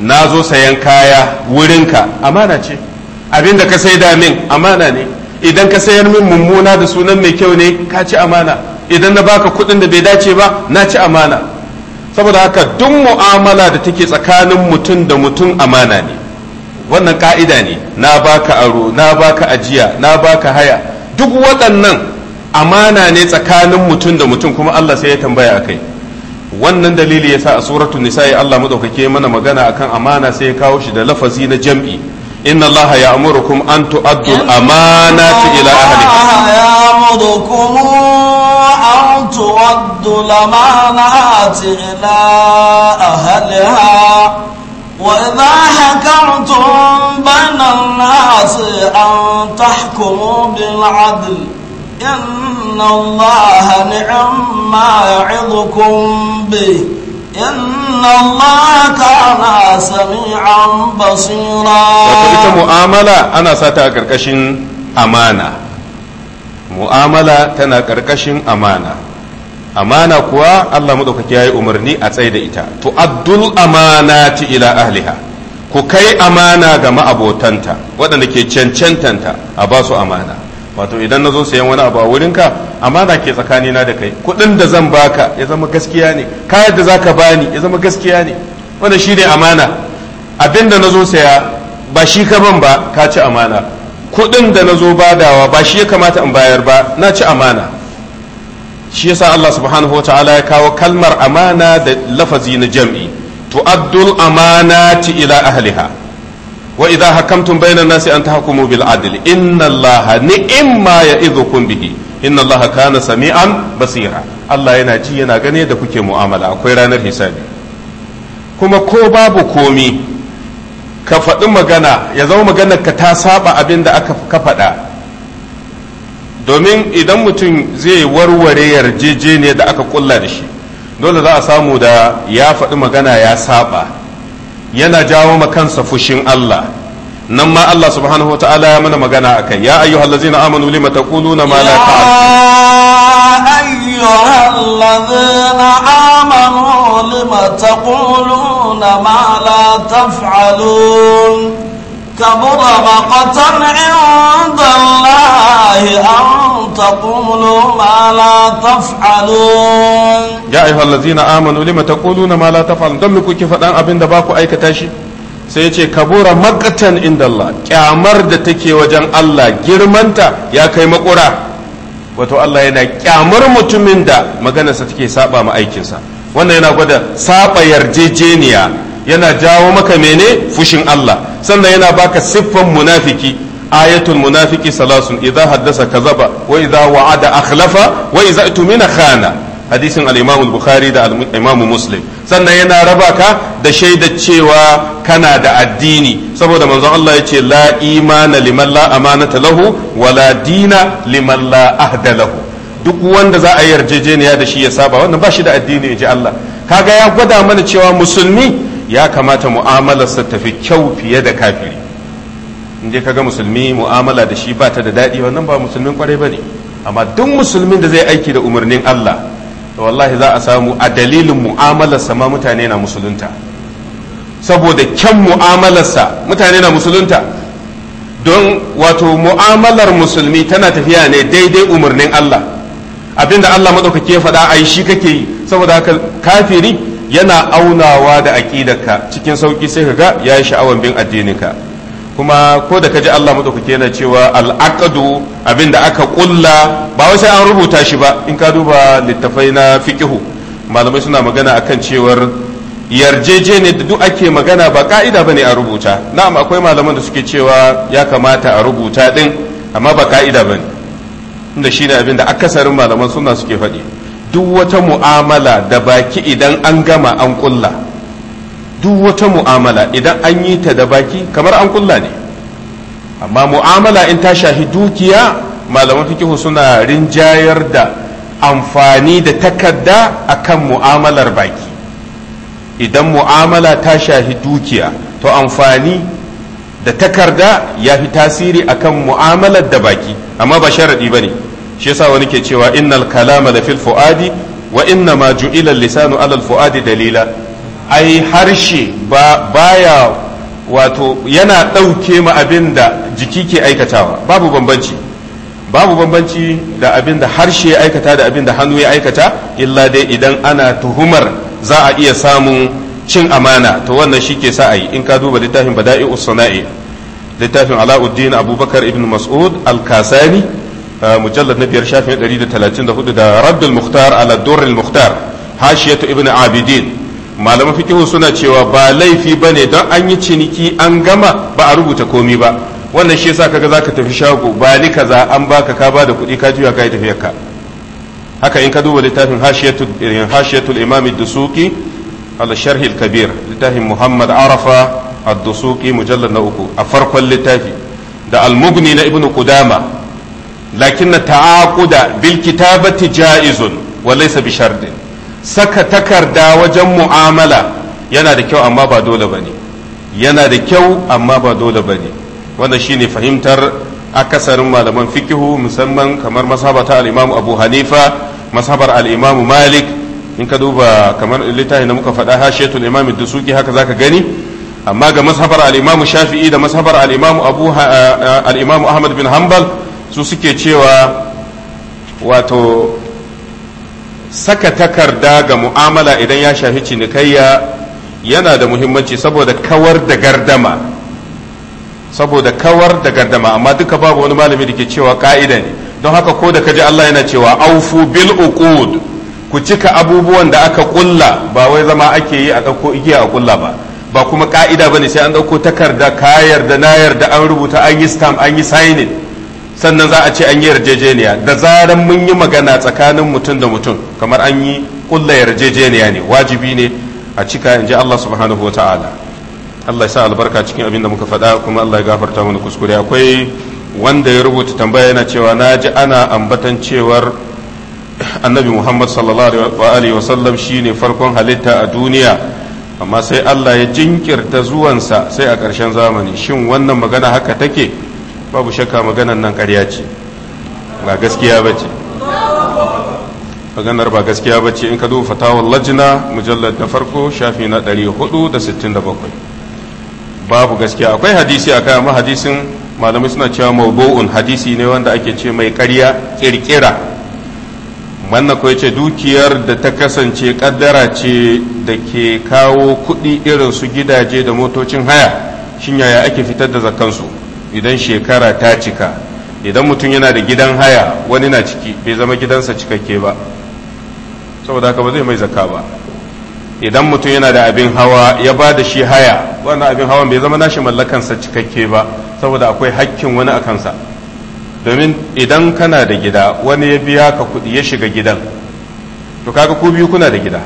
na zo sayan kaya wurinka amana ce abin da ka da min amana ne idan ka sayar min mummuna da sunan mai kyau ne ka ci amana idan na baka kuɗin da bai dace ba na ci amana saboda haka duk mu'amala da take tsakanin mutum da mutum amana ne wannan ka'ida ne na baka aro na baka ajiya na baka haya duk waɗannan amana ne tsakanin mutum da mutum kuma Allah sai ya tambaya kai wannan dalili sa a nisa ya Allah madaukake mana magana akan amana sai ya kawo shi da lafazi na jam'i inna amuru kuma an tu'addu amana ta ila an tu'addu ila وإذا حكمتم بين الناس أن تحكموا بالعدل إن الله نعم ما يعظكم به إن الله كان سميعا بصيرا وإذا مؤاملة أنا ساتا كركشن أمانة mu'amala tana ƙarƙashin amana amana kuwa Allah madaukaki yayi umarni a tsaye da ita to addul amanati ila ahliha ku kai amana ga ma'abotanta waɗanda ke cancantanta a ba su amana wato idan na zo sayan wani abu a wurinka amana ke tsakanina da kai kuɗin da zan baka ya zama gaskiya ne kayan da zaka bani ya zama gaskiya ne wanda shi ne amana abin da na zo saya ba shi ka ban ba ka ci amana kuɗin da na zo badawa ba shi ya kamata in bayar ba na ci amana shi yasa Allah subhanahu wa ta'ala ya kawo kalmar amana da lafazi na jam'i tu'addul amanati ila ahliha wa idza hakamtum bainan nasi an tahkumu bil adli inna Allah ni'ma ya'idhukum bihi inna Allah kana sami'an basira Allah yana ji yana gane da kuke mu'amala akwai ranar hisabi kuma ko babu komi ka faɗi magana ya zama maganar ka ta saba abin da aka ka faɗa domin idan mutum zai warware yarjejeniyar da aka kulla da shi dole za a samu da ya faɗi magana ya saba yana jawo ma kansa fushin Allah nan ma Allah subhanahu ta'ala ya mana magana akai ya ayyuhal ladzina amanu lima taquluna ma la ta'lamun ya ayyuhal ladzina amanu lima taquluna ma la taf'alun كبر مقتا عند الله أن تقولوا ما لا تفعلون يا أيها الذين آمنوا لما تقولون ما لا تفعلون دم لكو كيف الآن أبين دباكو أي كتاشي sai ya ce kabura makatan inda Allah kyamar da take wajen Allah girmanta ya kai makura wato Allah yana kyamar mutumin da maganarsa take saba ma aikinsa wannan yana gwada saba yarjejeniya yana jawo maka mene fushin Allah sannan yana baka siffan munafiki ayatul munafiki salasun idza haddasa kazaba wa idza wa'ada akhlafa wa idza tumina khana hadisin al-imam al-bukhari da al-imam muslim sannan yana raba ka da shaidar cewa kana da addini saboda manzon Allah ya ce la imana liman la amanata lahu wa la dina liman la ahda lahu duk wanda za a yarjejeniya da shi ya saba wannan ba shi da addini ya ji Allah kaga ya gwada mana cewa musulmi ya kamata mu'amalarsa tafi kyau fiye da kafiri in dai kaga musulmi mu'amala da shi ba ta da daɗi wannan ba musulmin kwarai ba ne amma duk musulmin da zai aiki da umarnin Allah to wallahi za a samu a dalilin mu'amalarsa ma mutane na musulunta saboda kyan mu'amalarsa mutane na musulunta don wato mu'amalar musulmi tana tafiya ne daidai umarnin Allah abinda Allah maɗaukaki ya faɗa a yi shi kake yi saboda haka kafiri yana aunawa da aqidarka cikin sauki sai ka ga yi sha'awar bin addininka kuma ko da kaji Allah madaukake yana cewa al'aqadu abin da aka kulla ba wai sai an rubuta shi ba in ka duba littafai na fiqhu malamai suna magana akan cewar yarjejene da duk ake magana ba ka'ida ne a rubuta na'am akwai malaman da suke cewa ya kamata a rubuta din amma ba ka'ida bane inda ne abin da akasarin malaman suna suke faɗi duk wata mu'amala da baki idan an gama an kulla duk wata mu'amala idan an yi ta da baki kamar an kulla ne amma mu'amala in ta shafi dukiya malaman fikihu suna rinjayar da amfani da takarda akan mu'amalar baki idan mu'amala ta shafi dukiya to amfani da takarda ya fi tasiri akan mu'amalar da baki amma ba sharaɗi ba ne shi yasa wani ke cewa innal kalama da fil fuadi wa inna ma ju'ila lisanu alal fuadi dalila ai harshe ba baya wato yana ɗauke ma abin da jiki ke aikatawa babu bambanci babu bambanci da abin da harshe ya aikata da abin da hannu ya aikata illa dai idan ana tuhumar za a iya samun cin amana to wannan shi ke sa a yi in ka duba littafin bada'i usana'i littafin ala'uddin abubakar ibn mas'ud al-kasani mujallad na biyar shafin 134 da rabdul muhtar ala durrul muhtar hashiyatu ibn abidin malaman fikihu suna cewa ba laifi bane don an yi ciniki an gama ba a rubuta komi ba wannan shi yasa kaga zaka tafi shago ba ni kaza an baka ka bada kuɗi ka juya ka yi tafiyar ka haka in ka duba littafin hashiyatul hashiyatul imam ad-dusuqi kabir littafin muhammad arafa ad-dusuqi mujallad na uku a farkon littafi da al na ibnu qudama lakin ta'aquda bil kitabati ja'izun wa laysa bi shardin saka takarda wajen mu'amala yana da kyau amma ba dole bane yana da kyau amma ba dole bane wanda shine fahimtar akasarin malaman fikihu musamman kamar masaba ta Abu Hanifa masabar al Malik in ka duba kamar littafin da muka faɗa hashiyatul Imam Dusuki haka zaka gani amma ga masabar al Shafi'i da masabar al-Imam Abu eh, eh, Ahmad bin hambal. su suke cewa wato saka takarda ga mu'amala idan ya shafi cinikayya yana da muhimmanci saboda kawar da gardama saboda kawar da gardama amma duka babu wani malami da ke cewa ka'ida ne don haka ko da kaji Allah yana cewa aufu bil uqud ku cika abubuwan da aka kulla ba wai zama ake yi a dauko igiya a kulla ba ba kuma ka'ida bane sai an dauko takarda ka yarda na yarda an rubuta an yi stamp an yi signing sannan za a ce an yi yarjejeniya da zaran mun yi magana tsakanin mutum da mutum kamar an yi kulla yarjejeniya ne wajibi ne a cika in ji Allah subhanahu wa ta'ala Allah ya sa albarka cikin abin da muka faɗa kuma Allah ya gafarta mana kuskure akwai wanda ya rubuta tambaya yana cewa na ji ana ambatan cewar annabi Muhammad sallallahu alaihi wa sallam shine farkon halitta a duniya amma sai Allah ya jinkirta zuwansa sai a ƙarshen zamani shin wannan magana haka take babu shakka maganar nan ƙarya ce ba gaskiya ba ce maganar ba gaskiya ba ce in ka duba fatawar lajina mujallar na farko shafi na 467 babu gaskiya akwai hadisi a kama hadisin malamai suna cewa mawdu'un hadisi ne wanda ake ce mai ƙarya ƙirƙira wannan ko ce dukiyar da ta kasance kaddara ce da ke kawo kuɗi irin su gidaje da motocin haya shin yaya ake fitar da zakansu idan shekara ta cika idan mutum yana da gidan haya wani na ciki bai zama gidansa cikakke ba saboda haka ba zai mai zaka ba idan mutum yana da abin hawa ya ba da shi haya wannan abin hawan bai zama nashi mallakansa cikakke ba saboda akwai hakkin wani a kansa domin idan kana da gida wani ya biya ka kuɗi ya shiga gidan to kaga ku biyu kuna da gida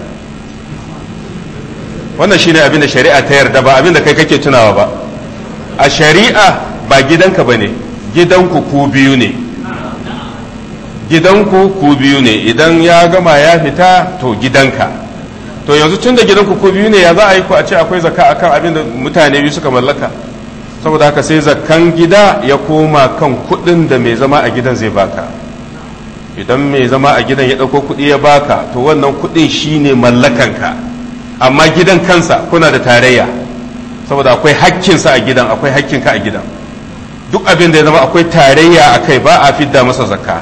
wannan shine abin da shari'a ta yarda ba abin da kai kake tunawa ba a shari'a ba gidanka ba ne gidanku ku biyu ne gidanku ku biyu ne idan ya gama ya fita to gidanka to yanzu tun da gidanku ku biyu ne ya za a yi ku a ce akwai zakka akan abin da mutane biyu suka mallaka saboda haka sai zakan gida ya koma kan kuɗin da mai zama a gidan zai baka idan mai zama a gidan ya ɗauko kuɗi ya baka to wannan kuɗin shine mallakanka amma gidan kansa kuna da tarayya saboda akwai hakkinsa a gidan akwai hakkinka a gidan duk abin da ya zama akwai tarayya a kai ba a fidda masa zakka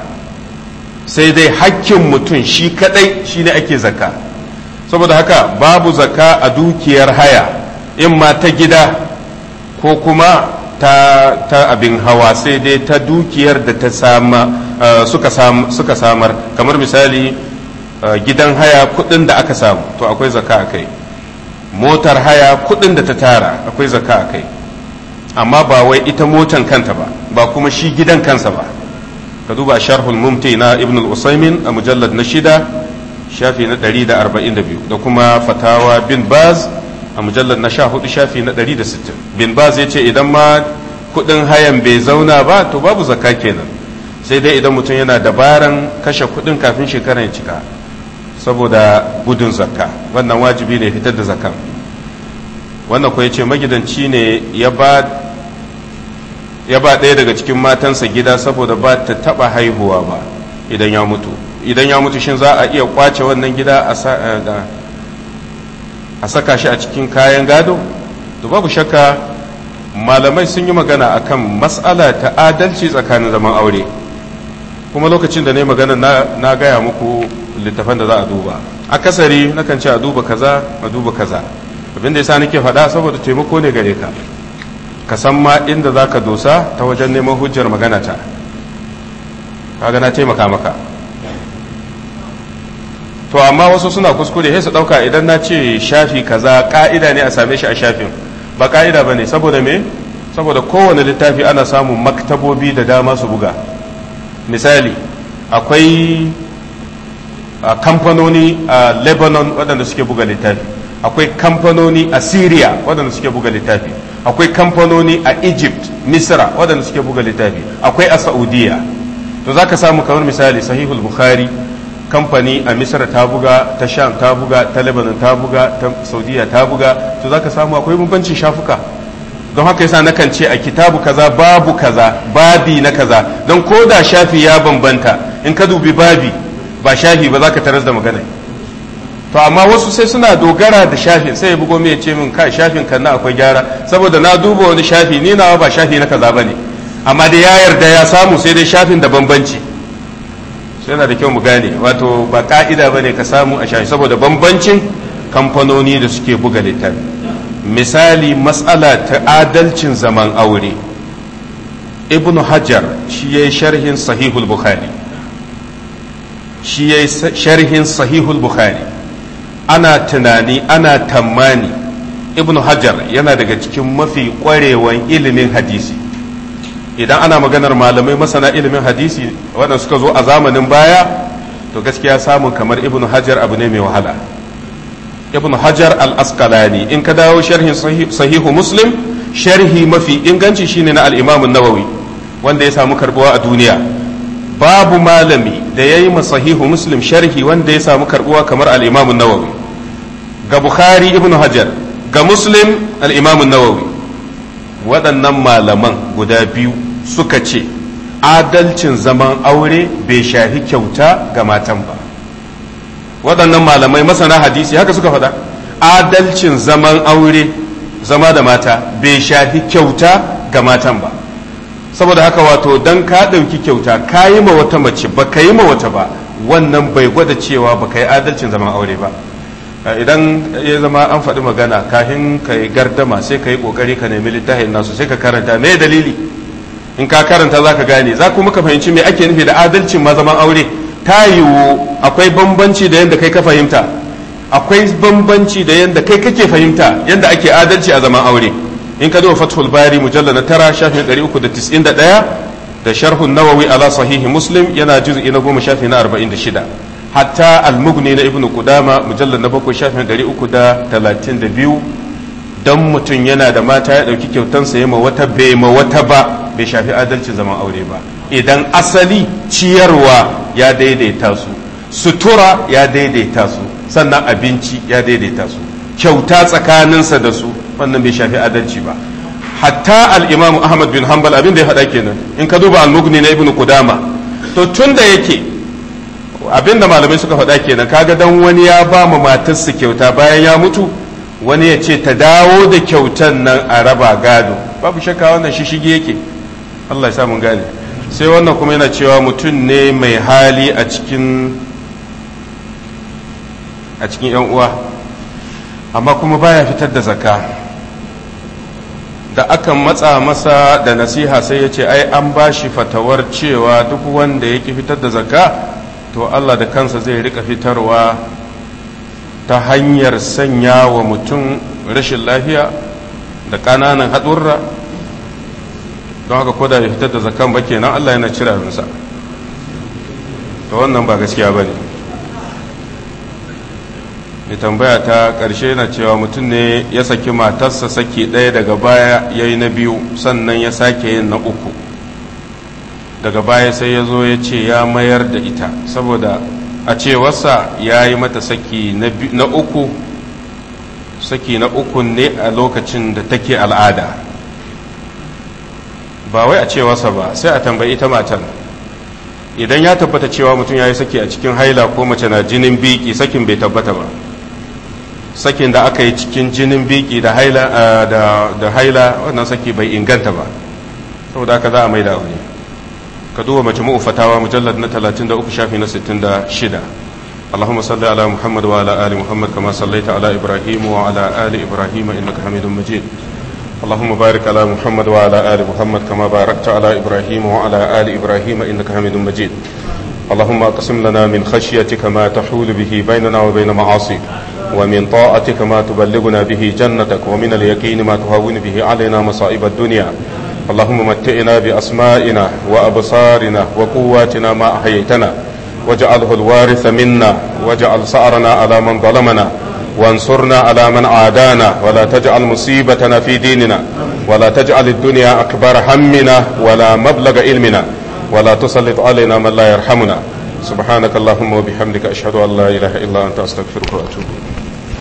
sai dai hakkin mutum shi kadai shine ake zakka saboda haka babu zakka a dukiyar haya in ma ta gida ko kuma ta, abin hawa sai dai ta dukiyar da ta sama, eh, suka, samar kamar misali eh, gidan haya kudin da aka samu to akwai zakka a kai motar haya kudin da ta tara akwai zakka a kai amma ba wai ita motan kanta ba ba kuma shi gidan kansa ba ka duba sharhul mumti na ibn al-usaymin a mujallad na shida shafi na 142 da kuma fatawa bin baz a mujallad na sha hudu shafi na 160 bin baz ya ce idan ma kudin hayan bai zauna ba to babu zaka kenan sai dai idan mutum yana dabaran kashe kudin kafin shekaran cika saboda gudun zakka wannan wajibi ne fitar da zakka wannan ko ya ce magidanci ne ya ba ya ba ɗaya daga cikin matansa gida saboda ba ta taɓa haihuwa ba idan ya mutu idan ya mutu shin za a iya kwace wannan gida a eh, saka shi a cikin kayan gado to babu shakka malamai sun yi magana akan matsala ta adalci tsakanin zaman aure kuma lokacin da na yi magana na gaya muku littafan da za a duba akasari nakan ce a duba kaza a duba kaza abinda yasa nake faɗa saboda taimako ne gare ka ka san ma inda za ka dosa ta wajen neman hujjar magana ta kaga na taimaka maka to amma wasu suna kuskure sai su ɗauka idan na ce shafi kaza ka'ida ne a same shi a shafin ba ka'ida ba ne saboda me saboda kowane littafi ana samun maktabobi da dama su buga misali akwai kamfanoni a lebanon waɗanda suke buga littafi akwai kamfanoni a syria waɗanda suke buga littafi akwai kamfanoni a egypt misra waɗanda suke buga littafi akwai a saudiya to za ka samu kamar misali sahihul bukhari kamfani a misra ta buga ta sham ta buga ta lebanon ta buga ta saudiya ta buga to za ka samu akwai bambancin shafuka don haka yasa nakan ce a kitabu kaza babu kaza babi na kaza don ko da shafi ya bambanta in ka dubi babi ba shafi ba za ka taras da magana to amma wasu sai suna dogara da shafin sai ya bugo mai ce min kai shafin kan na akwai gyara saboda na duba wani shafi ni nawa ba shafi na kaza bane amma da ya yarda ya samu sai dai shafin da bambanci sai yana da kyau mu gane wato ba ka'ida bane ka samu a shafi saboda bambancin kamfanoni da suke buga littafi misali matsala ta adalcin zaman aure ibnu hajar shi yayi sharhin sahihul bukhari shi yayi sharhin sahihul bukhari ana tunani ana tammani ibnu hajar yana daga cikin mafi kwarewan ilimin hadisi idan ana maganar malamai masana ilimin hadisi waɗanda suka zo a zamanin baya to gaskiya samun kamar ibnu hajar abu ne mai wahala ibnu hajar al-asqalani in ka dawo sharhin sahihu muslim sharhi mafi inganci shine na al-imam nawawi wanda ya samu karbuwa a duniya babu malami da ya yi sahihu muslim sharhi wanda ya samu karbuwa kamar al'imamun nawawi ga bukhari ibn hajar ga muslim al'imamun nawawi waɗannan malaman guda biyu suka ce adalcin zaman aure bai shafi kyauta ga matan ba waɗannan malamai masana hadisi haka suka faɗa adalcin zaman aure zama da mata bai shafi kyauta ga matan ba saboda haka wato dan ka ɗauki kyauta ka yi ma wata mace ba ka yi ma wata ba wannan bai gwada cewa ba ka yi adalcin zaman aure ba idan ya zama an faɗi magana kafin ka yi gardama sai ka yi ƙoƙari ka nemi littafin nasu sai ka karanta me dalili in ka karanta za ka gane za kuma ka fahimci me ake nufi da adalcin ma zaman aure ta yiwu akwai bambanci da yadda kai ka fahimta akwai bambanci da yadda kai kake fahimta yadda ake adalci a zaman aure in ka duba fathul bari mujalla na tara shafin uku da sharhun nawawi ala sahihi muslim yana juz'i na goma shafi na shida hatta almugni na ibnu kudama mujalla na bakwai shafin biyu dan mutum yana da mata ya dauki kyautansa ya ma wata bai ma wata ba bai shafi adalci zaman aure ba idan asali ciyarwa ya daidaita su sutura ya daidaita su sannan abinci ya daidaita su kyauta tsakaninsa da su wannan bai shafi adalci ba hatta al imam ahmad bin hanbal abin da ya hada kenan in ka duba al-mughni na ibnu kudama to tun da yake abin da malamai suka fada kenan kaga dan wani ya ba mu matarsa kyauta bayan ya mutu wani ya ce ta dawo da kyautan nan a raba gado babu shakka wannan shishigi yake Allah ya mun gane sai wannan kuma yana cewa mutum ne mai hali a cikin a cikin yan uwa amma kuma baya fitar da zakka da aka matsa masa da nasiha sai ya ce ai an ba shi fatawar cewa duk wanda ya ki fitar da zaka to Allah da kansa zai rika fitarwa ta hanyar sanya wa mutum rashin lafiya da ƙananan haɗurra don haka ko da ya fitar da zakkan ba kenan Allah yana cira abinsa to wannan ba gaskiya ba ne mai tambaya ta ƙarshe na cewa mutum ne ya saki matarsa saki ɗaya daga baya ya yi na biyu sannan ya sake yin na uku daga baya sai ya zo ya ce ya mayar da ita saboda a cewarsa ya yi mata saki na uku saki na uku ne a lokacin da take al'ada ba wai a cewarsa ba sai a tambayi ita matan idan ya tabbata cewa mutum ya yi saki a cikin haila ko mace na jinin biki sakin bai tabbata ba sakin da aka yi cikin jinin biki da haila da haila wannan saki bai inganta ba saboda aka za a mai da wani ka duba mace ma'ufatawa mujallar na 33 shafi na 66 Allahumma salli ala Muhammad wa ala ali Muhammad kama sallaita ala Ibrahim wa ala ali Ibrahim innaka Hamidum Majid Allahumma barik ala Muhammad wa ala ali Muhammad kama barakta ala Ibrahim wa ala ali Ibrahim innaka Hamidum Majid Allahumma aqsim lana min khashyatika ma tahulu bihi bainana wa bain ومن طاعتك ما تبلغنا به جنتك ومن اليقين ما تهون به علينا مصائب الدنيا اللهم متئنا بأسمائنا وأبصارنا وقواتنا ما أحييتنا واجعله الوارث منا واجعل سأرنا على من ظلمنا وانصرنا على من عادانا ولا تجعل مصيبتنا في ديننا ولا تجعل الدنيا أكبر همنا ولا مبلغ علمنا ولا تسلط علينا من لا يرحمنا سبحانك اللهم وبحمدك أشهد أن لا إله إلا أنت أستغفرك وأتوب إليك